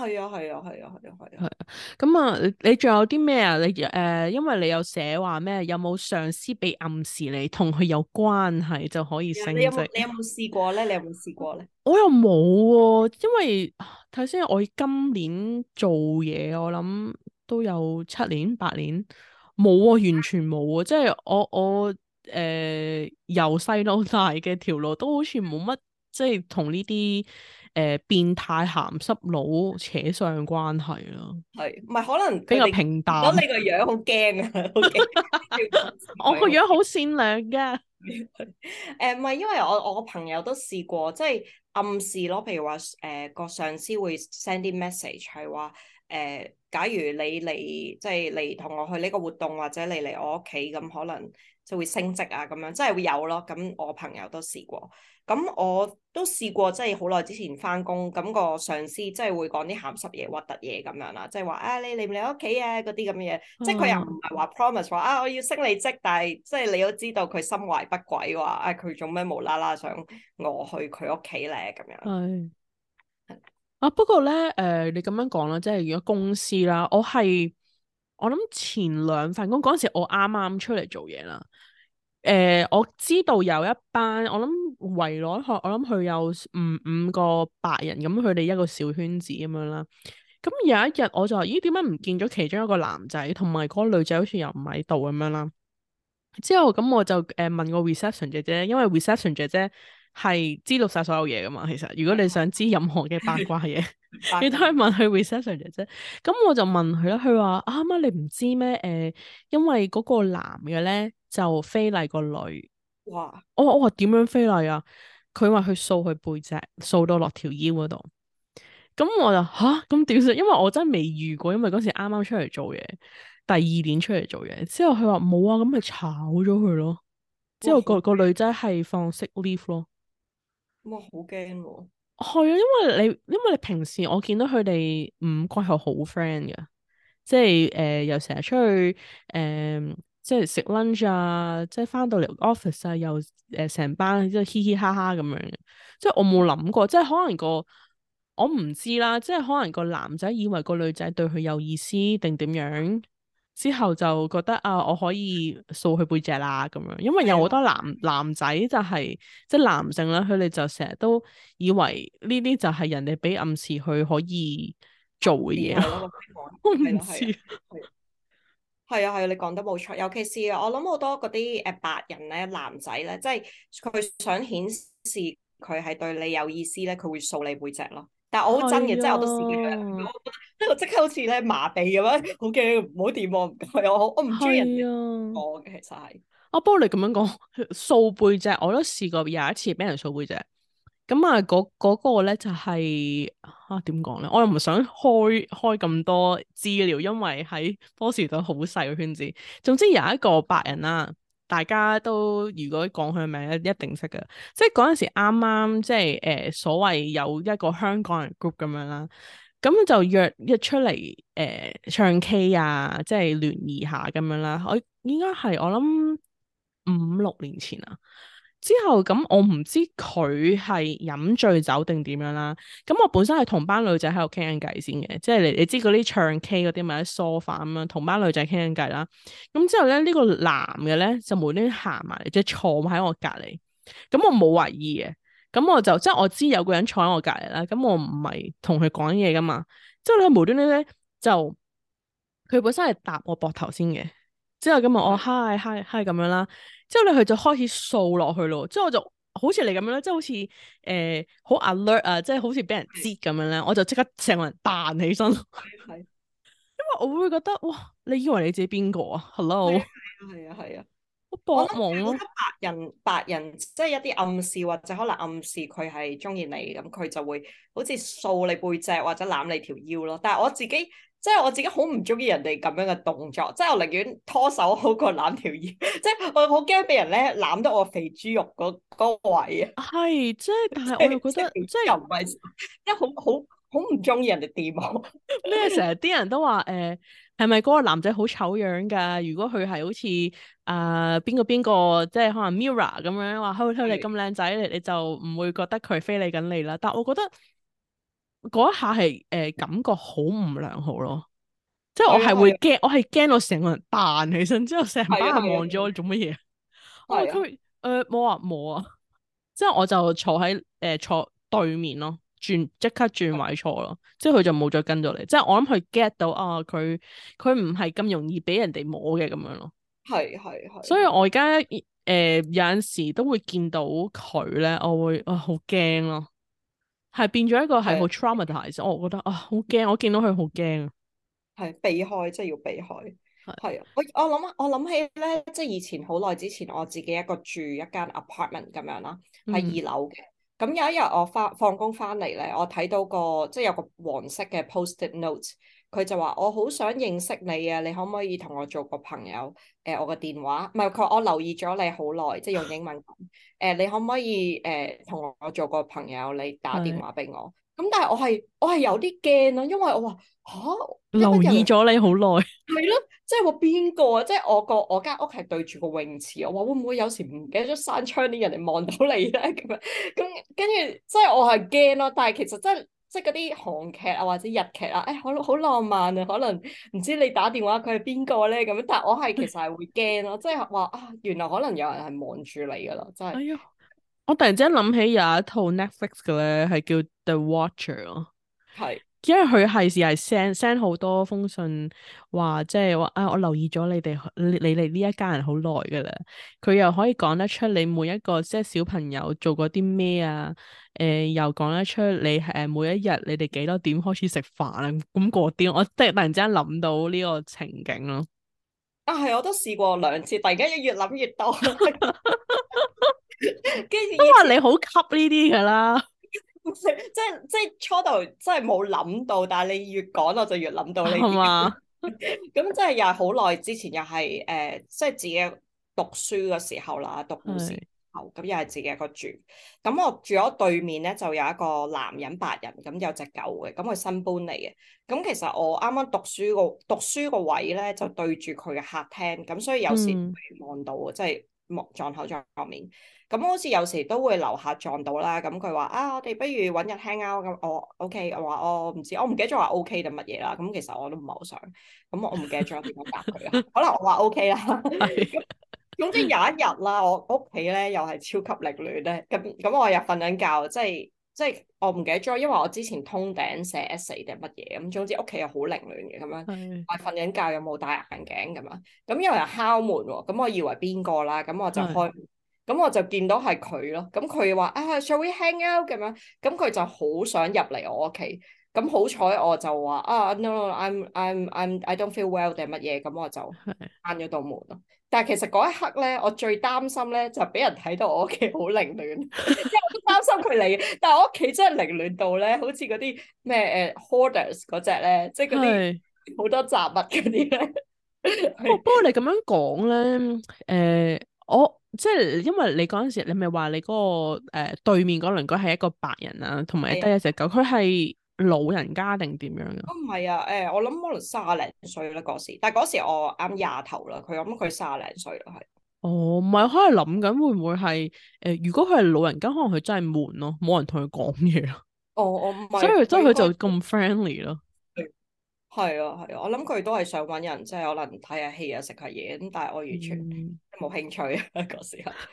[SPEAKER 1] 係啊，係啊，係啊，係啊，係啊。係。咁啊，你仲有啲咩啊？你誒、呃，因為你有寫話咩？有冇上司俾暗示你同佢有關係就可以升職？你有
[SPEAKER 2] 冇
[SPEAKER 1] 試過咧？你有冇試過咧？有有過呢我又冇喎、啊，因為睇先，我今年做嘢，我諗都有七年八年，冇喎、啊，完全冇喎、啊。即係我我誒、呃、由細到大嘅條路都好似冇乜，即係同呢啲。誒、呃，變態鹹濕佬扯上關係咯，
[SPEAKER 3] 係，唔係可能比較、啊、平
[SPEAKER 1] 淡。 我你個樣好驚啊，我個樣好善良噶。誒 、
[SPEAKER 2] 呃，唔係，因為我我個朋友都試過，即係暗示咯。譬如話，誒、呃、個上司會 send 啲 message 係話，誒、就是呃、假如你嚟，即係嚟同我去呢個活動，或者你嚟我屋企，咁可能。就會升職啊，咁樣真係會有咯。咁、嗯、我朋友都試過，咁、嗯、我都試過。即係好耐之前翻工，咁、嗯、個上司即係會講啲鹹濕嘢、核突嘢咁樣啦。即係話啊，你嚟唔嚟屋企啊？嗰啲咁嘅嘢，即係佢又唔係話 promise 話啊，我要升你職，但係即係你都知道佢心懷不軌，話啊佢做咩無啦啦想我去佢屋企咧咁樣。
[SPEAKER 1] 係啊，不過咧誒，uh，你咁樣講啦，即係如果公司啦，我係我諗前兩份工嗰陣時，我啱啱出嚟做嘢啦。誒、呃，我知道有一班，我諗圍內學，我諗佢有五五個白人，咁佢哋一個小圈子咁樣啦。咁有一日，我就話咦，點解唔見咗其中一個男仔，同埋嗰個女仔好似又唔喺度咁樣啦？之後咁我就誒、呃、問個 reception 姐姐，因為 reception 姐姐係知道晒所有嘢噶嘛，其實如果你想知任何嘅八卦嘢， 你都係問佢 reception 姐姐。咁我就問佢啦，佢話啱啊，你唔知咩？誒、呃，因為嗰個男嘅咧，就非禮個女，哇！我話我話點樣非禮啊？佢話去掃佢背脊，掃到落條腰嗰度。咁我就吓，咁點算？因為我真係未遇過，因為嗰時啱啱出嚟做嘢，第二年出嚟做嘢之後，佢話冇啊，咁咪炒咗佢咯。之後，啊哇嗰個哇個女仔係放 sick leave 咯，
[SPEAKER 3] 咁我好驚喎。
[SPEAKER 1] 係啊，因為你因為你平時我見到佢哋唔關係好 friend 嘅，即係誒又成日出去誒。呃即係食 lunch 啊，即係返到嚟 office 啊，又誒成，呃、班即係嘻嘻哈哈咁樣，即係我冇諗過，即係可能個我唔知啦。即係可能個男仔以為個女仔對佢有意思定點樣，之後就覺得啊，我可以掃佢背脊啦咁樣。因為有好多男男仔就係、是，即係男性啦，佢哋就成日都以為呢啲就係人哋俾暗示佢可以做嘅嘢。
[SPEAKER 3] 我唔知。
[SPEAKER 2] 係啊係啊，你講得冇錯，尤其是我諗好多嗰啲誒白人咧男仔咧，即係佢想顯示佢係對你有意思咧，佢會掃你背脊咯。但我好憎嘅，啊、即係我都試過，我即刻好似咧麻痹咁樣，好驚唔好掂
[SPEAKER 3] 我。係我我唔中意人摸
[SPEAKER 1] 嘅，其實係。阿波、啊，你咁樣講掃背脊，我都試過有一次俾人掃背脊。咁、嗯嗰個就係、啊，嗰個咧就係啊點講咧？我又唔想開開咁多資料，因為喺波士頓好細個圈子。總之有一個白人啦，大家都如果講佢名一定識㗎，即係嗰陣時啱啱即係誒、呃、所謂有一個香港人 group 咁樣啦，咁就約一出嚟誒、呃、唱 K 啊，即係聯誼下咁樣啦。我應該係我諗五六年前啊。之後咁，我唔知佢係飲醉酒定點樣啦。咁我本身係同班女仔喺度傾緊偈先嘅，即係你你知嗰啲唱 K 嗰啲，咪喺梳化咁樣同班女仔傾緊偈啦。咁之後咧，呢個男嘅咧就無端端行埋嚟，即係坐喺我隔籬。咁我冇懷疑嘅，咁我就即係我知有個人坐喺我隔籬啦。咁我唔係同佢講嘢噶嘛。之後咧無端端咧就佢本身係搭我膊頭先嘅。之後咁問我嗨嗨嗨咁樣啦，之後咧佢就開始掃落去咯，之後就，之後我就好似你咁樣咧，即係好似誒好 alert 啊，即係好似俾人知咁樣咧，的我就即刻成個人彈起身，係的， 因為我會覺得哇，你以為你自己邊個啊？Hello，
[SPEAKER 2] 係啊係啊好
[SPEAKER 1] 啊，我博懵啊，我覺
[SPEAKER 2] 得白人白人即係一啲暗示或者可能暗示佢係中意你，咁佢就會好似掃你背脊或者攬你條腰咯，但係我自己。即係我自己好唔中意人哋咁樣嘅動作，即係我寧願拖手好過攬條腰，即係我好驚俾人咧攬得我肥豬肉嗰嗰位啊。係，即係，但係我又覺得即係又唔係，即係好好
[SPEAKER 1] 好唔中意人哋掂我。咩成日啲人都話誒，係咪嗰個男仔好醜樣噶？如果佢係好似誒邊個邊個，即係可能 Mirror 咁樣話，好好你咁靚仔，你 Absolutely. 你就唔會覺得佢非禮緊你啦？但係我覺得。嗰一下係誒、呃、感覺好唔良好咯，
[SPEAKER 3] 即係我係會驚
[SPEAKER 1] ，oh, yes. 我係驚到成個人彈起身，之後成班人望住我做乜嘢？
[SPEAKER 3] 我佢
[SPEAKER 1] 誒摸啊摸啊，之、呃、後 我就坐喺誒、呃、坐對面咯，轉即刻轉位坐咯，之後佢就冇再跟咗你。即係我諗佢 get 到啊，佢佢唔係咁容易俾人哋摸嘅咁樣咯。
[SPEAKER 3] 係係係。所
[SPEAKER 1] 以我而家誒有陣時都會見到佢咧，我會啊好驚咯。係變咗一個係好 traumatize 的我覺得啊好驚，我見到佢好驚
[SPEAKER 2] 係避開，即係要避開，係啊的，我我諗我諗起咧，即係以前好耐之前，我自己一個住一間 apartment 咁樣啦，係二樓嘅，咁、嗯、有一日我翻放工翻嚟咧，我睇到個即係有個黃色嘅 posted notes。佢就話：我好想認識你啊，你可唔可以同我做個朋友？誒、呃，我個電話，唔係佢話，我留意咗你好耐。即係用英文講、 呃，你可唔可以誒同、呃、我做個朋友？你打電話俾我。咁 但係我係我係有啲
[SPEAKER 1] 驚咯，因為我話嚇、啊、留意咗你好耐。係
[SPEAKER 2] 咯，即、就、係、是、我邊個啊？即、就、係、是、我個我間屋係對住個泳池，我話會唔會有時唔記得閂窗啲人嚟望到你咧？咁樣咁跟住，即係、就是、我係驚咯。但係其實真係。即係嗰啲韓劇啊或者日劇啊，誒、哎、好好浪漫啊，可能唔知你打電話佢係邊個咧咁，但係我係其實係會驚咯， 即係話啊原來可能有人係望住你噶喇，真
[SPEAKER 3] 係。哎
[SPEAKER 1] 呀！我突然之間諗起有一套 Netflix 嘅咧係叫 The Watcher 咯。係。因為佢係時係 send send 好多封信，話即係話啊，我留意咗你哋你哋呢一家人好耐㗎喇。佢又可以講得出你每一個即係小朋友做過啲咩啊？誒、呃，又講得出你誒每一日你哋幾多點開始食飯啊？咁過癲！我即係突然之間諗到呢個情景咯。
[SPEAKER 2] 啊，係我都試過兩次，突然間越諗越，越多。
[SPEAKER 1] 然意都話你好吸呢啲㗎啦。
[SPEAKER 2] 即係即係初頭真係冇諗到，但係你越講我就越諗到呢啲。
[SPEAKER 1] 咁
[SPEAKER 2] 吧 即係又係好耐之前，又係誒，即係自己讀書嘅時候啦，讀書時候，咁的又係自己一個住。咁我住咗對面咧，就有一個男人白人，咁有隻狗嘅，咁佢新搬嚟嘅。咁其實我啱啱讀書個讀書個位咧，就對住佢嘅客廳，咁所以有時望到即係望撞口撞面。咁、嗯、好似有時都會樓下撞到啦。咁佢話啊，我哋不如搵日 hang out。咁我 O K，我話我唔知，我唔、OK，哦、記得咗話 O K 定乜嘢啦。咁其實我都唔係好想。咁、嗯、我唔記得咗點樣答佢啦。可能 我話 O K 啦。咁 總之有一日啦，我屋企咧又係超級凌亂咧。咁咁我又瞓緊覺，即係即係我唔記得咗，因為我之前通頂寫 essay 定乜嘢。咁總之屋企又好凌亂嘅咁樣，我瞓緊覺又冇戴眼鏡咁啊。咁有人敲門喎，咁我以為邊個啦？咁我就開。咁我就見到係佢咯，咁佢話啊、ah, shall we hang out 咁樣，咁佢就想好想入嚟我屋企，咁好彩我就話啊、oh, no，I'm I'm I'm I, I, I, I don't feel well 定乜嘢，咁我就關咗道門咯。但係其實嗰一刻咧，我最擔心咧就俾人睇到我屋企好凌亂，因為我都擔心佢嚟， 但係我屋企真係凌亂到咧，好似嗰啲咩誒 Hoarders 嗰隻咧，即係嗰啲好多雜物嗰啲咧。
[SPEAKER 1] 不過是 你咁樣講咧，誒、呃、我。即係因為你嗰陣時，你咪話你嗰、那個誒、呃、對面嗰鄰居係一個白人啊，同埋得一隻狗，佢係的老人家定點樣、哦、啊？
[SPEAKER 2] 唔係啊，誒，我諗可能卅零歲啦嗰時，但係嗰時我啱廿頭啦，佢咁佢卅零歲咯係。
[SPEAKER 1] 我哦，唔係我喺度諗緊會唔會係誒、呃？如果佢係老人家，可能佢真係悶咯，冇人同佢講嘢我唔哦，所以即係佢就咁 friendly 咯我。
[SPEAKER 2] 係啊，係啊，我諗佢都係想搵人，即係可能睇下戲啊，食下嘢咁。但係我完全冇興趣啊，嗰、嗯、 時候
[SPEAKER 1] 是。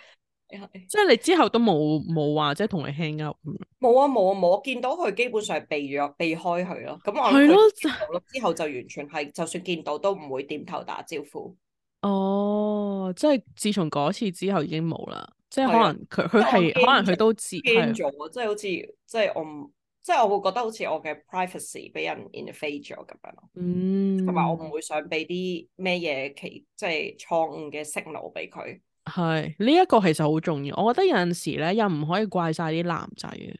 [SPEAKER 1] 即係你之後都冇冇話即係同你 hang up
[SPEAKER 2] 冇啊？冇啊冇，我見到佢基本上係避咗避開佢咯。咁我係咯，之後就完全係，啊、就，就算見到都唔會點頭打招呼。
[SPEAKER 1] 哦，即係自從嗰次之後已經冇啦。即係可能佢佢係可能佢都知咗，
[SPEAKER 2] 即係好似即係我。即係我會覺得好似我嘅 privacy 俾人 invade 咗咁樣，同埋、嗯、我唔會想俾啲咩嘢其即係錯誤嘅 signal 俾佢。
[SPEAKER 1] 係呢一個其實好重要。我覺得有陣時咧又唔可以怪晒啲男仔嘅，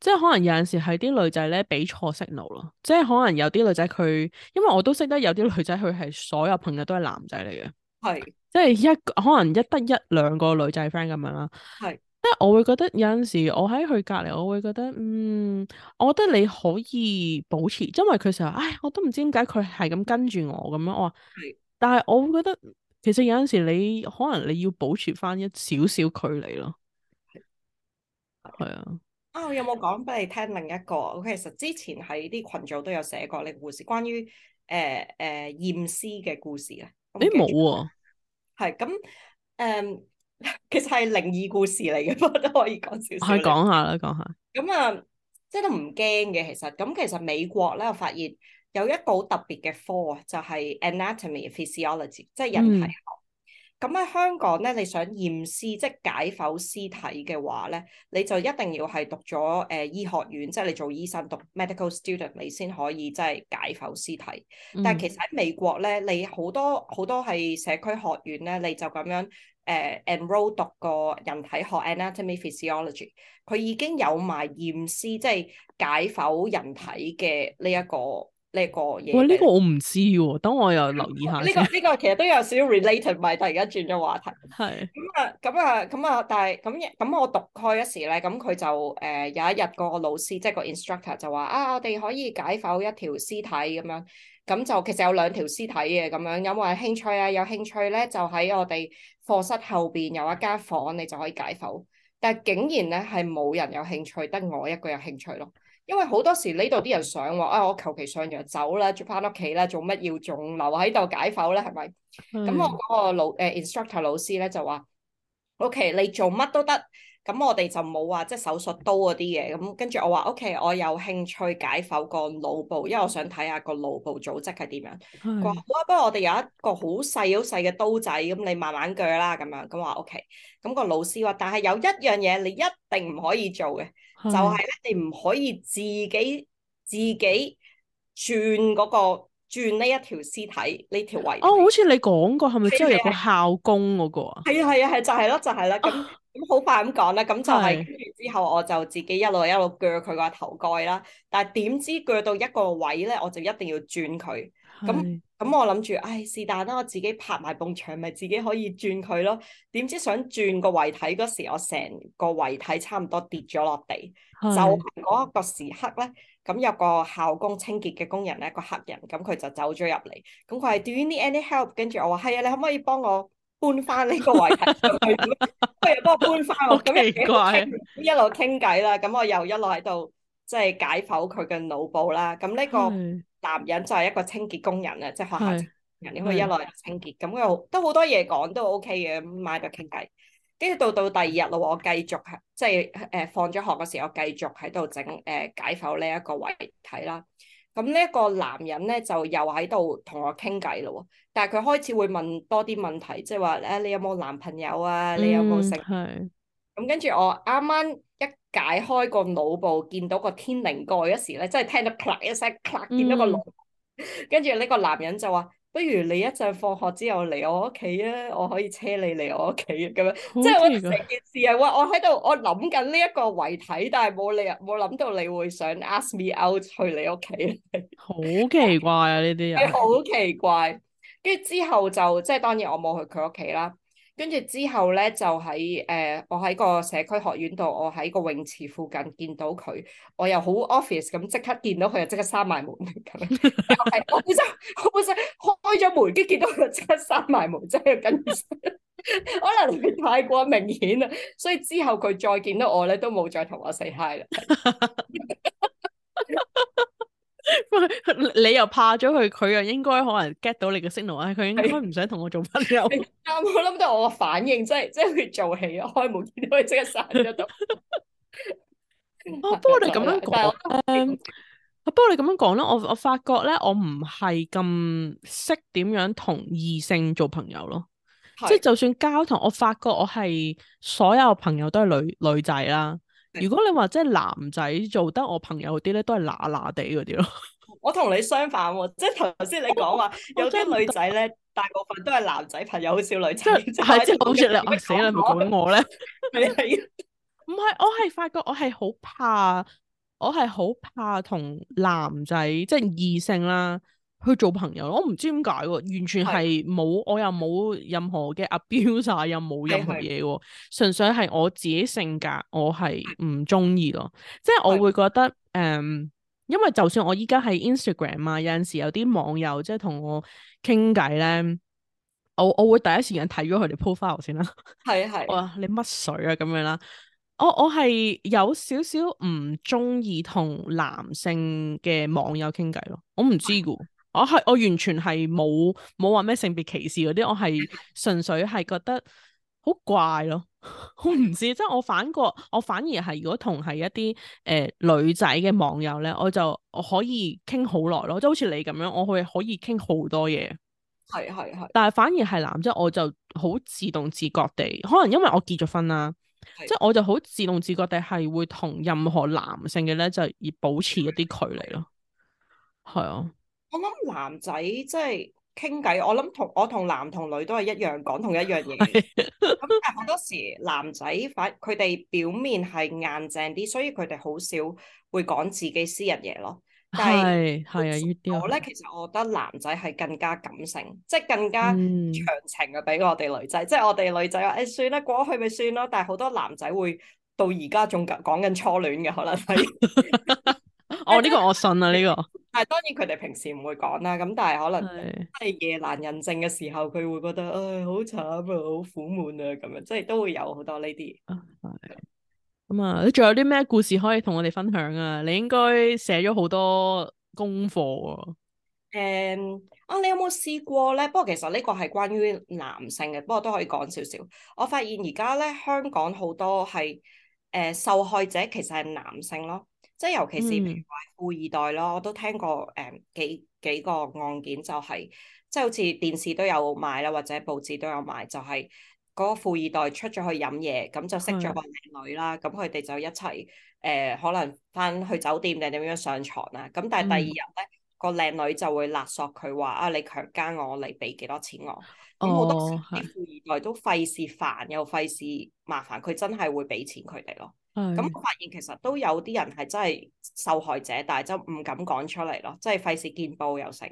[SPEAKER 1] 即係可能有陣時係啲女仔咧俾錯 signal 咯。即係可能有啲女仔佢，因為我都識得有啲女仔佢係所有朋友都係男仔嚟嘅，係是即係一可能一得一兩個女仔 friend 咁樣啦。係。即我會覺得有陣時我喺佢隔籬，我會覺得嗯，我覺得你可以保持，因為佢成日，唉，我都唔知點解佢係咁跟住我咁樣。我話係，是但係我會覺得其實有陣時你可能你要保持翻一少少距離咯。
[SPEAKER 2] 係是啊，啊我、哦、有冇講俾你聽另一個？我其實之前喺啲群組都有寫過呢個故事關於，關於誒誒驗屍嘅故事、
[SPEAKER 1] 欸、啊。誒冇啊，
[SPEAKER 2] 係咁誒。嗯其實係靈異故事嚟嘅，我都可以講少少。可以
[SPEAKER 1] 講下啦，講下。
[SPEAKER 2] 咁啊，即係都唔驚嘅。其實咁，其實，其實美國咧，我發現有一個好特別嘅科啊，就係、是、Anatomy Physiology，即係人體學。咁喺、嗯、香港咧，你想驗屍，即係解剖屍體嘅話咧，你就一定要係讀咗誒、呃、醫學院，即係你做醫生讀 Medical Student，你先可以即係解剖屍體。嗯、但係其實喺美國咧，你好多好多係社區學院咧，你就咁樣。誒、uh, enroll 讀個人體學 anatomy physiology，佢已經有埋驗屍，即、就、係、是、解剖人體嘅呢一個呢、這個嘢。哇！呢、這個
[SPEAKER 1] 我唔知喎、啊，等我又留意下呢、這個呢、這
[SPEAKER 2] 個其實都有少 related，埋，突然間轉咗話題。係是。咁啊咁啊咁啊，但係咁咁我讀開一時咧，咁佢就誒、呃、有一日個老師即係個 instructor 就話啊，我哋可以解剖一條屍體咁樣。咁就其實有兩條屍體嘅咁樣，有冇人興趣啊？有興趣咧，就喺我哋課室後邊有一間房，你就可以解剖。但係竟然咧係冇人有興趣，得我一個有興趣咯。因為好多時呢度啲人想話啊、哎，我求其上藥走啦，住翻屋企啦，做乜要仲留喺度解剖咧？係咪？
[SPEAKER 3] 咁、嗯、我嗰
[SPEAKER 2] 個老誒 instructor 老師咧就話：OK，你做乜都得。咁、嗯、我哋就冇話即係手術刀嗰啲嘢，咁、嗯、跟住我話 OK，我有興趣解剖個腦部，因為我想睇下個腦部組織係點樣。佢話好啊是！不過我哋有一個好細好細嘅刀仔，咁、嗯嗯、你慢慢鋸啦，咁樣咁話 OK。咁個老師話，但係有一樣嘢你一定唔可以做嘅，就係咧你唔可以自己自己轉嗰個轉呢一條屍體呢條位。哦，
[SPEAKER 1] 好似你講過係咪？即係有個校工嗰個啊？
[SPEAKER 2] 係啊係啊係，就係、是、咯就係啦咁。就是 咁好快咁講啦。咁就係跟住之後，我就自己一路一路鋸佢個頭蓋啦。但係點知鋸到一個位咧，我就一定要轉佢。咁咁的我諗住，唉，是但啦，我自己拍埋埲牆，咪自己可以轉佢咯。點知想轉個遺體嗰時，我成個遺體差唔多跌咗落地。的就嗰一個時刻咧，咁有個校工清潔嘅工人咧，個客人，咁佢就走咗入嚟。咁佢係，Do you need any help？跟住我話，係啊，你可唔可以幫我？搬翻呢個遺體， 不如幫我搬翻，咁樣一路傾，咁一路傾偈啦。咁我又一路喺度即係解剖佢嘅腦部啦。咁呢個男人就係一個清潔工人啊，即係 學校人，因為 一路清潔，咁又都好多嘢講，都，講都 OK 嘅，咁咪都傾偈。跟住到到第二日咯，我繼續即係誒放咗學嘅時候，我繼續喺度整誒解剖呢一個遺體啦。咁呢一個男人咧就又喺度同我傾偈咯，但係佢開始會問多啲問題，即係話咧你有冇男朋友啊？你有冇食？咁、嗯嗯、跟住我啱啱一解開個腦部，見到個天靈蓋嗰時咧，真係聽到啪一聲，啪一聲，啪一聲，見到個腦，嗯、跟住呢個男人就話。不如你一陣放學之後嚟我屋企啊，我可以車你嚟我屋企咁樣。即係我成件事係，我我喺度我諗緊呢一個遺體，但係冇理由冇諗到你會想 ask me out 去你屋企。
[SPEAKER 1] 好奇怪啊！呢啲 是人，好
[SPEAKER 2] 奇怪。跟住之後就即係當然我冇去佢屋企啦。跟住之後咧，就喺誒、呃，我喺個社區學院度，我喺個泳池附近見到佢，我又好 office 咁，即刻見到佢就即刻閂埋門咁。我本身我本身開咗門，跟住見到佢即刻閂埋門，真係跟住。可能太過明顯啦。所以之後佢再見到我咧，都冇再同我 say hi 啦。
[SPEAKER 1] 你又怕咗佢，佢又應該可能 get 到你嘅 signal 啊！佢應該唔想同我做朋友。
[SPEAKER 2] 啱，我諗到我嘅反應，即係即係佢做戲，開門見到佢即
[SPEAKER 3] 刻散咗度。哦， 不過你咁樣講，嗯，
[SPEAKER 1] 不過你咁樣講咧，我我發覺咧，我唔係咁識點樣同異性做朋友咯。是即係就算交托，我發覺我係所有朋友都係女女仔啦。如果你話即係男仔做得我朋友啲咧，都係乸乸地嗰啲咯。
[SPEAKER 2] 我同你相反喎、啊，即係頭頭先你講話 有啲女仔咧，大部分都係男仔朋友，好少女仔。
[SPEAKER 1] 係，即係好似你，唔講、哎、我咧。唔係， 我係發覺我係好怕，我係好怕同男仔即係異性啦。去做朋友咯，我唔知點解喎，完全係冇，是我又冇任何嘅 abuse 曬，又冇任何嘢喎、啊，是是純粹係我自己性格，我係唔中意咯。即係我會覺得，誒是、嗯，因為就算我依家喺 Instagram 啊，有陣時有啲網友即係同我傾偈咧，我我會第一時間睇咗佢哋 profile 先啦。係啊係，哇， 你乜水啊咁樣啦？我我係有少少唔中意同男性嘅網友傾偈咯。我唔知噶。我係我完全係冇冇話咩性別歧視嗰啲，我係純粹係覺得好怪咯，我唔知。 即係我反覺，我反而係如果同係一啲誒、呃、女仔嘅網友咧，我就我可以傾好耐咯。即係好似你咁樣，我會可以傾好多嘢。
[SPEAKER 3] 係係係。
[SPEAKER 1] 但係反而係男仔，我就好自動自覺地，可能因為我結咗婚啦，是即係我就好自動自覺地係會同任何男性嘅咧，就而保持一啲距離咯。係啊。
[SPEAKER 2] 我諗男仔即係傾偈，我諗同我同男同女都係一樣講同一樣嘢。咁 但係好多時男仔反佢哋表面係硬淨啲，所以佢哋好少會講自己私人嘢咯。但
[SPEAKER 1] 係，係啊， 我咧其
[SPEAKER 2] 實我覺得男仔係更加感性，即係更加長情嘅，比我哋女仔。嗯、即係我哋女仔話，誒，算啦，過去咪算咯。但係好多男仔會到而家仲講緊初戀嘅，可能係。
[SPEAKER 1] 哦，呢是個我信
[SPEAKER 2] 啊，呢是、這個。但係當然佢哋平時唔會講啦，咁但係可能係夜闌人靜嘅時候，佢是會覺得唉、哎，好慘啊，好苦悶啊，咁樣，即係都會有好多呢啲。啊的，
[SPEAKER 1] 咁啊，你仲有啲咩故事可以同我哋分享啊？你應該寫咗好多功課
[SPEAKER 2] 啊。誒、嗯，啊，你有冇試過咧？不過其實呢個係關於男性嘅，不過都可以講少少。我發現而家咧，香港好多係誒、呃、受害者，其實係男性咯。即係尤其是譬如富二代咯，嗯、我都聽過誒、呃、幾幾個案件、就是，就係即係好似電視都有賣啦，或者報紙都有賣，就係、是、嗰個富二代出咗去飲嘢，咁就識咗個靚女啦，咁佢哋就一齊誒、呃、可能翻去酒店定點樣上床啊，咁但係第二日咧、嗯、個靚女就會勒索佢話啊你強姦我，你俾幾多錢我？
[SPEAKER 1] 咁好、哦嗯哦、
[SPEAKER 2] 多時啲富二代都費事煩又費事麻煩，佢真係會俾錢佢哋咯。咁 我發現其實都有啲人係真係受害者，但係就唔敢講出嚟咯，即係費事見報又成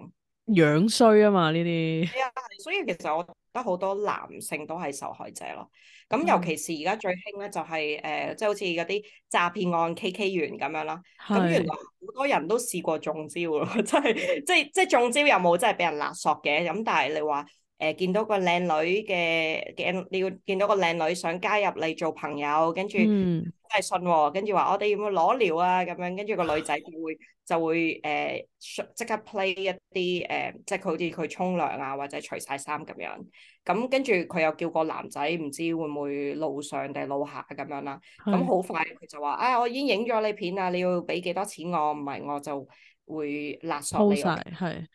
[SPEAKER 1] 樣衰成樣衰啊嘛呢
[SPEAKER 2] 啲。係啊， 所以其實我覺得好多男性都係受害者咯。咁尤其是而家最興咧、就是，就係誒，即係好似嗰啲詐騙案 K K 員咁樣啦。咁原來好多人都試過中招咯，即係即係即係中招又冇真係俾人勒索嘅。咁但係你話。誒、呃，見到個靚女嘅見，你要見到個靚女想加入你做朋友，跟住都係信喎，跟住話我哋要唔要裸聊啊？咁樣，跟住個女仔就會就會誒，即、呃、刻 play 一啲誒、呃，即係佢好似佢沖涼啊，或者除晒衫咁樣。咁跟住佢又叫個男仔，唔知會唔會露上定係露下咁樣啦。咁好、嗯、快佢就話：，啊、哎，我已經影咗你片啦，你要俾幾多錢我？唔係我就會勒索你。晒。係。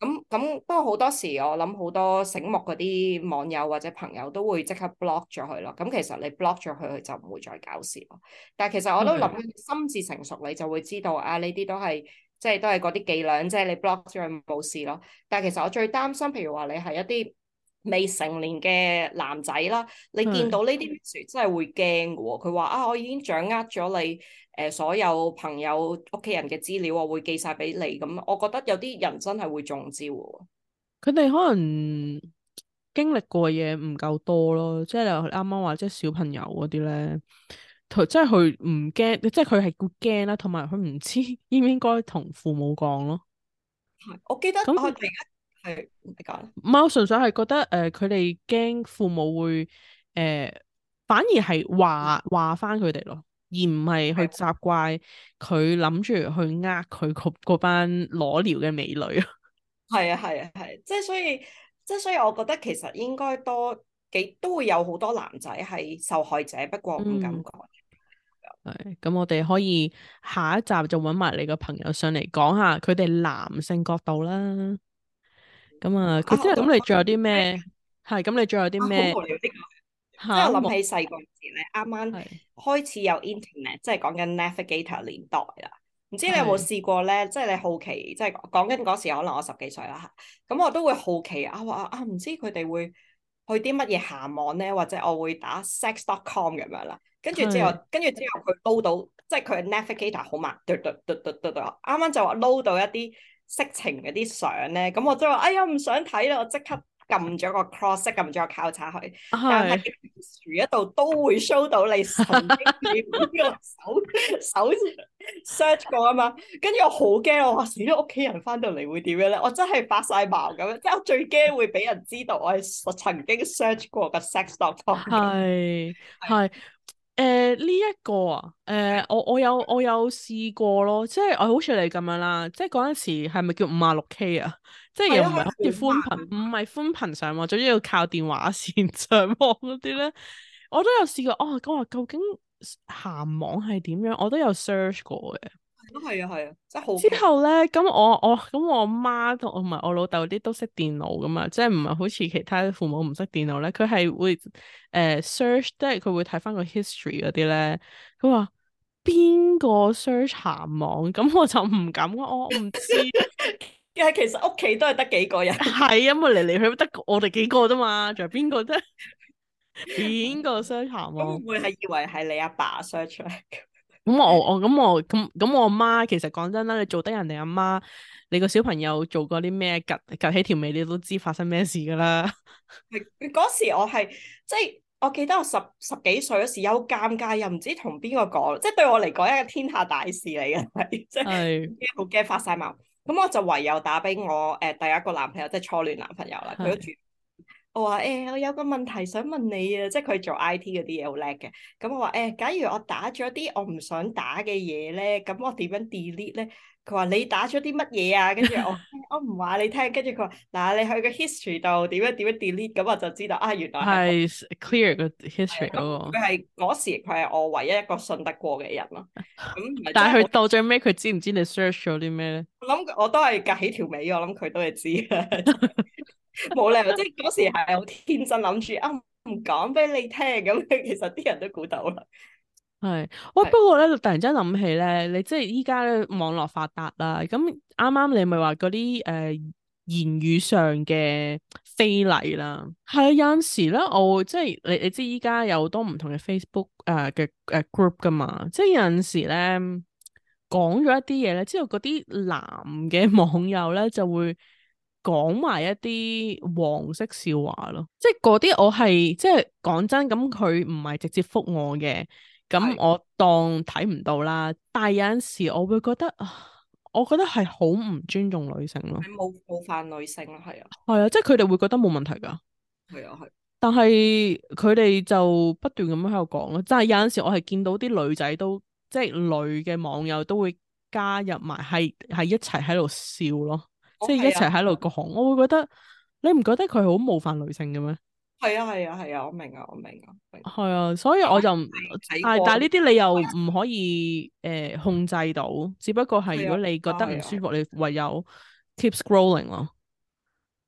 [SPEAKER 2] 咁咁，不過好多時我諗好多醒目嗰啲網友或者朋友都會即刻 block 咗佢咯。咁其實你 block 咗佢，佢就唔會再搞事咯。但係其實我都諗，心智成熟你就會知道啊，呢啲都係即係都係嗰啲伎倆，即係你 block 咗佢冇事咯。但係其實我最擔心，譬如話你係一啲未成年嘅男仔啦，你見到呢啲，真係會驚嘅。佢話啊，我已經掌握咗你誒、呃、所有朋友屋企人嘅資料，我會寄晒俾你。咁我覺得有啲人真係會中招。
[SPEAKER 1] 佢哋可能經歷過嘢唔夠多咯，即係你啱啱話，即係小朋友嗰啲咧，即係佢唔驚，即係佢係會驚啦，同埋佢唔知應唔應該同父母講咯。係、嗯，
[SPEAKER 3] 我記得咁佢那係
[SPEAKER 1] 唔係咁？我純、嗯、粹係覺得，誒、呃，佢哋驚父母會，誒、呃，反而係話話翻佢哋咯，而唔係去責怪佢諗住去呃佢嗰班裸聊嘅美女
[SPEAKER 3] 啊。係啊，係啊，係，即係所以，即係所以，我
[SPEAKER 2] 覺得其實應該多幾都會有好多男仔係受害者，不過唔敢
[SPEAKER 1] 講。係咁，嗯、是我哋可以下一集就揾埋你個朋友上嚟講下佢哋男性角度啦。咁啊，咁你仲有啲咩？係，咁你仲有啲咩？即係我
[SPEAKER 2] 諗起細個時咧，啱啱開始有 internet，即係講緊 navigator 年代啦。唔知你有冇試過咧？即係你好奇，即係講緊嗰時，可能我十幾歲啦。咁我都會好奇啊啊啊！唔知佢哋會去啲乜嘢下網咧？或者我會打 sex.com 咁樣啦。跟住之後，跟住之後佢 load 到，即係佢嘅 navigator 好慢，嘟嘟嘟嘟嘟，啱啱就話 load 到一啲。色情嗰啲相咧，咁我即係話，哎呀唔想睇啦，我即刻撳咗個 cross，撳咗個交叉去。係。但係樹一度都會 show 到你曾經點個 搜搜 search 過啊嘛，跟住我好驚，我話死啦，屋企人返到嚟會點樣咧？我真係發晒毛咁樣，即係我最驚會俾人知道我係我曾經 search 過嘅 sex.com 係
[SPEAKER 1] 係。是誒呢一個啊，誒、呃、我我有我有試過咯，即係我好似你咁樣啦，即係嗰陣時係咪叫五啊六 K 啊？即係又唔係好似寬頻，唔係 寬頻上網，總之要靠電話線上網嗰啲咧，我都有試過。哦，咁話究竟鹹網係點樣？我都有 search 過嘅。
[SPEAKER 3] 都係啊，係啊，真
[SPEAKER 1] 係好。之後咧，咁我我咁我媽同同埋我老豆啲都識電腦噶嘛，即係唔係好似其他父母唔識電腦咧，佢係會誒 search，即係佢會睇翻個 history 嗰啲咧。佢話邊個 search 鹹網？咁我就唔敢啦，我唔知。但係 其實屋企都係得幾個人，係啊， 咪嚟嚟去去得我哋幾個咋嘛？仲有邊個啫？邊個 search 鹹網？會唔會係以為係你阿爸 search 出嚟？咁我我咁我咁咁我阿媽，其實講真啦，你做得人哋阿媽，你個小朋友做過啲咩，夾夾起條尾，你都知發生咩事㗎啦。
[SPEAKER 2] 係嗰時我係即係，我記得我十十幾歲嗰時，有尷尬又唔知同邊個講，即係對我嚟講一個天下大事嚟嘅，即係好驚發晒毛。咁我就唯有打俾我誒第一個男朋友，即係初戀男朋友啦，佢住。我話誒、欸，我有個問題想問你啊，即係佢做 I T 嗰啲嘢好叻嘅。咁、嗯、我話誒、欸，假如我打咗啲我唔想打嘅嘢咧，咁我點樣 delete 咧？佢話你打咗啲乜嘢啊？跟住我 我唔話你聽，跟住佢話嗱，你去個 history 度點樣點樣 delete？咁我就知道啊，原來
[SPEAKER 1] 係 clear 個 history。佢係
[SPEAKER 2] 嗰、嗯嗯、時，佢係我唯一一個信得過嘅人咯。咁、 嗯、但係佢
[SPEAKER 1] 到最尾，佢知唔知你 search 咗啲咩咧？
[SPEAKER 2] 我諗我都係隔起條尾，我諗佢都係知。 冇 理由，即係嗰時係好天真，諗住啊唔講俾你聽，咁其實啲人都估到
[SPEAKER 1] 啦。係，喂，不過咧突然間諗起咧，你即係依家咧網絡發達啦，咁啱啱你咪話嗰啲誒言語上嘅非禮啦，係啊，有陣時咧我即係你你知依家有好多唔同嘅 Facebook 誒、呃、嘅誒、呃、group 噶嘛，即係有陣時咧講咗一啲嘢咧，之後嗰啲男嘅網友咧就會。講埋一啲黃色笑話咯，即係嗰啲我係即係講真，咁佢唔係直接覆我嘅，咁我當睇唔到啦。的但係有陣時我會覺得，我覺得係好唔尊重女性咯，係
[SPEAKER 2] 冇冒犯女性咯，係啊，
[SPEAKER 1] 係啊，即係佢哋會覺得冇問題噶，
[SPEAKER 3] 係啊係。
[SPEAKER 1] 但係佢哋就不斷咁樣喺度講咯，就係有陣時我係見到啲女仔都，即係女嘅網友都會加入埋，係係一齊喺度笑咯。即係一齊喺度焗汗，Okay. 我會覺得你唔覺得佢好冒犯女性嘅咩？
[SPEAKER 3] 係 啊係啊係啊，我明啊我明
[SPEAKER 1] 啊，明啊。係啊，所以我就係，但係呢啲你又唔可以誒、呃、控制到，只不過係如果你覺得唔舒服，啊啊、你唯有 keep scrolling 咯。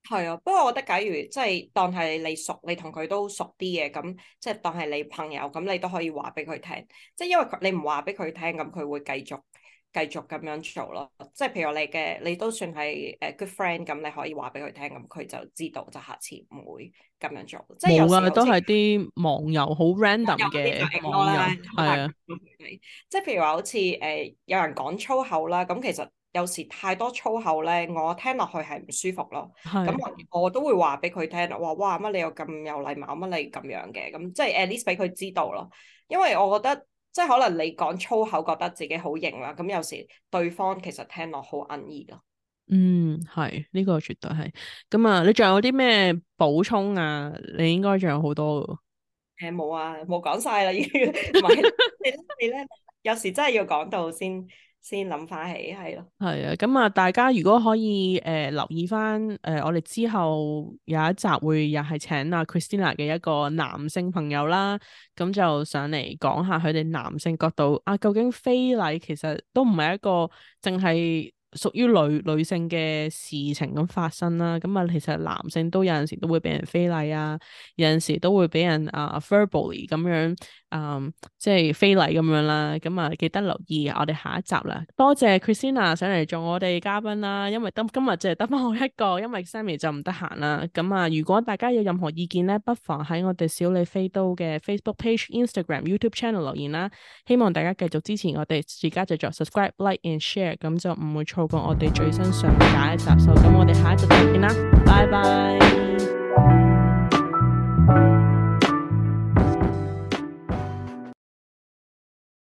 [SPEAKER 2] 係啊，不過我覺得假如即係當係你熟，你同佢都熟啲嘅，咁即係當係你朋友，咁你都可以話俾佢聽。即係因為佢你唔話俾佢聽，咁佢會繼續。繼續咁樣做咯，即係譬如話你嘅你都算係誒 good friend，咁你可以話俾佢聽，咁佢就知道就下次唔會咁樣做。即有啊，有時都
[SPEAKER 1] 係啲網友好 random 嘅講人，啊，嗯、即
[SPEAKER 2] 係譬如話好似誒、呃、有人講粗口啦，咁其實有時太多粗口咧，我聽落去係唔舒服咯。
[SPEAKER 3] 咁
[SPEAKER 2] 我我都會話俾佢聽，話哇乜你又咁有禮貌，乜你咁樣嘅，咁即係 at least 俾佢知道咯，因為我覺得。即係可能你講粗口覺得自己好型啦，咁有時對方其實聽落好哽耳咯。嗯，
[SPEAKER 1] 係，呢、呢個絕對係。咁啊，你仲有啲咩補充啊？你應該仲有好多
[SPEAKER 2] 嘅。誒冇、欸、啊，冇講晒啦，要 是 你咧，你咧，有時真係要講到先。先諗翻起
[SPEAKER 1] 係咯，係啊，咁啊，大家如果可以誒、呃、留意翻誒、呃，我哋之後有一集會又係請啊 Christina 嘅一個男性朋友啦，咁就上嚟講下佢哋男性角度啊，究竟非禮其實都唔係一個淨係。屬於女女性嘅事情咁發生啦，咁、嗯、啊其實男性都有陣時都會俾人非禮啊，有陣時都會俾人啊 a f i r b l y 咁樣，嗯、um，即係非禮咁樣啦，咁、嗯、啊記得留意我哋下一集啦，多謝 Christina 上嚟做我哋嘉賓啦，因為今日即係得返我一個，因為 Sammy 就唔得閒啦，咁、嗯、啊如果大家有任何意見咧，不妨喺我哋小李飛刀嘅 Facebook page、Instagram、YouTube channel 留言啦，希望大家繼續支持我哋而家就作，subscribe、like and share，咁就唔會錯。講過我哋最新上架嘅集數，咁我哋下一集再見啦，拜拜。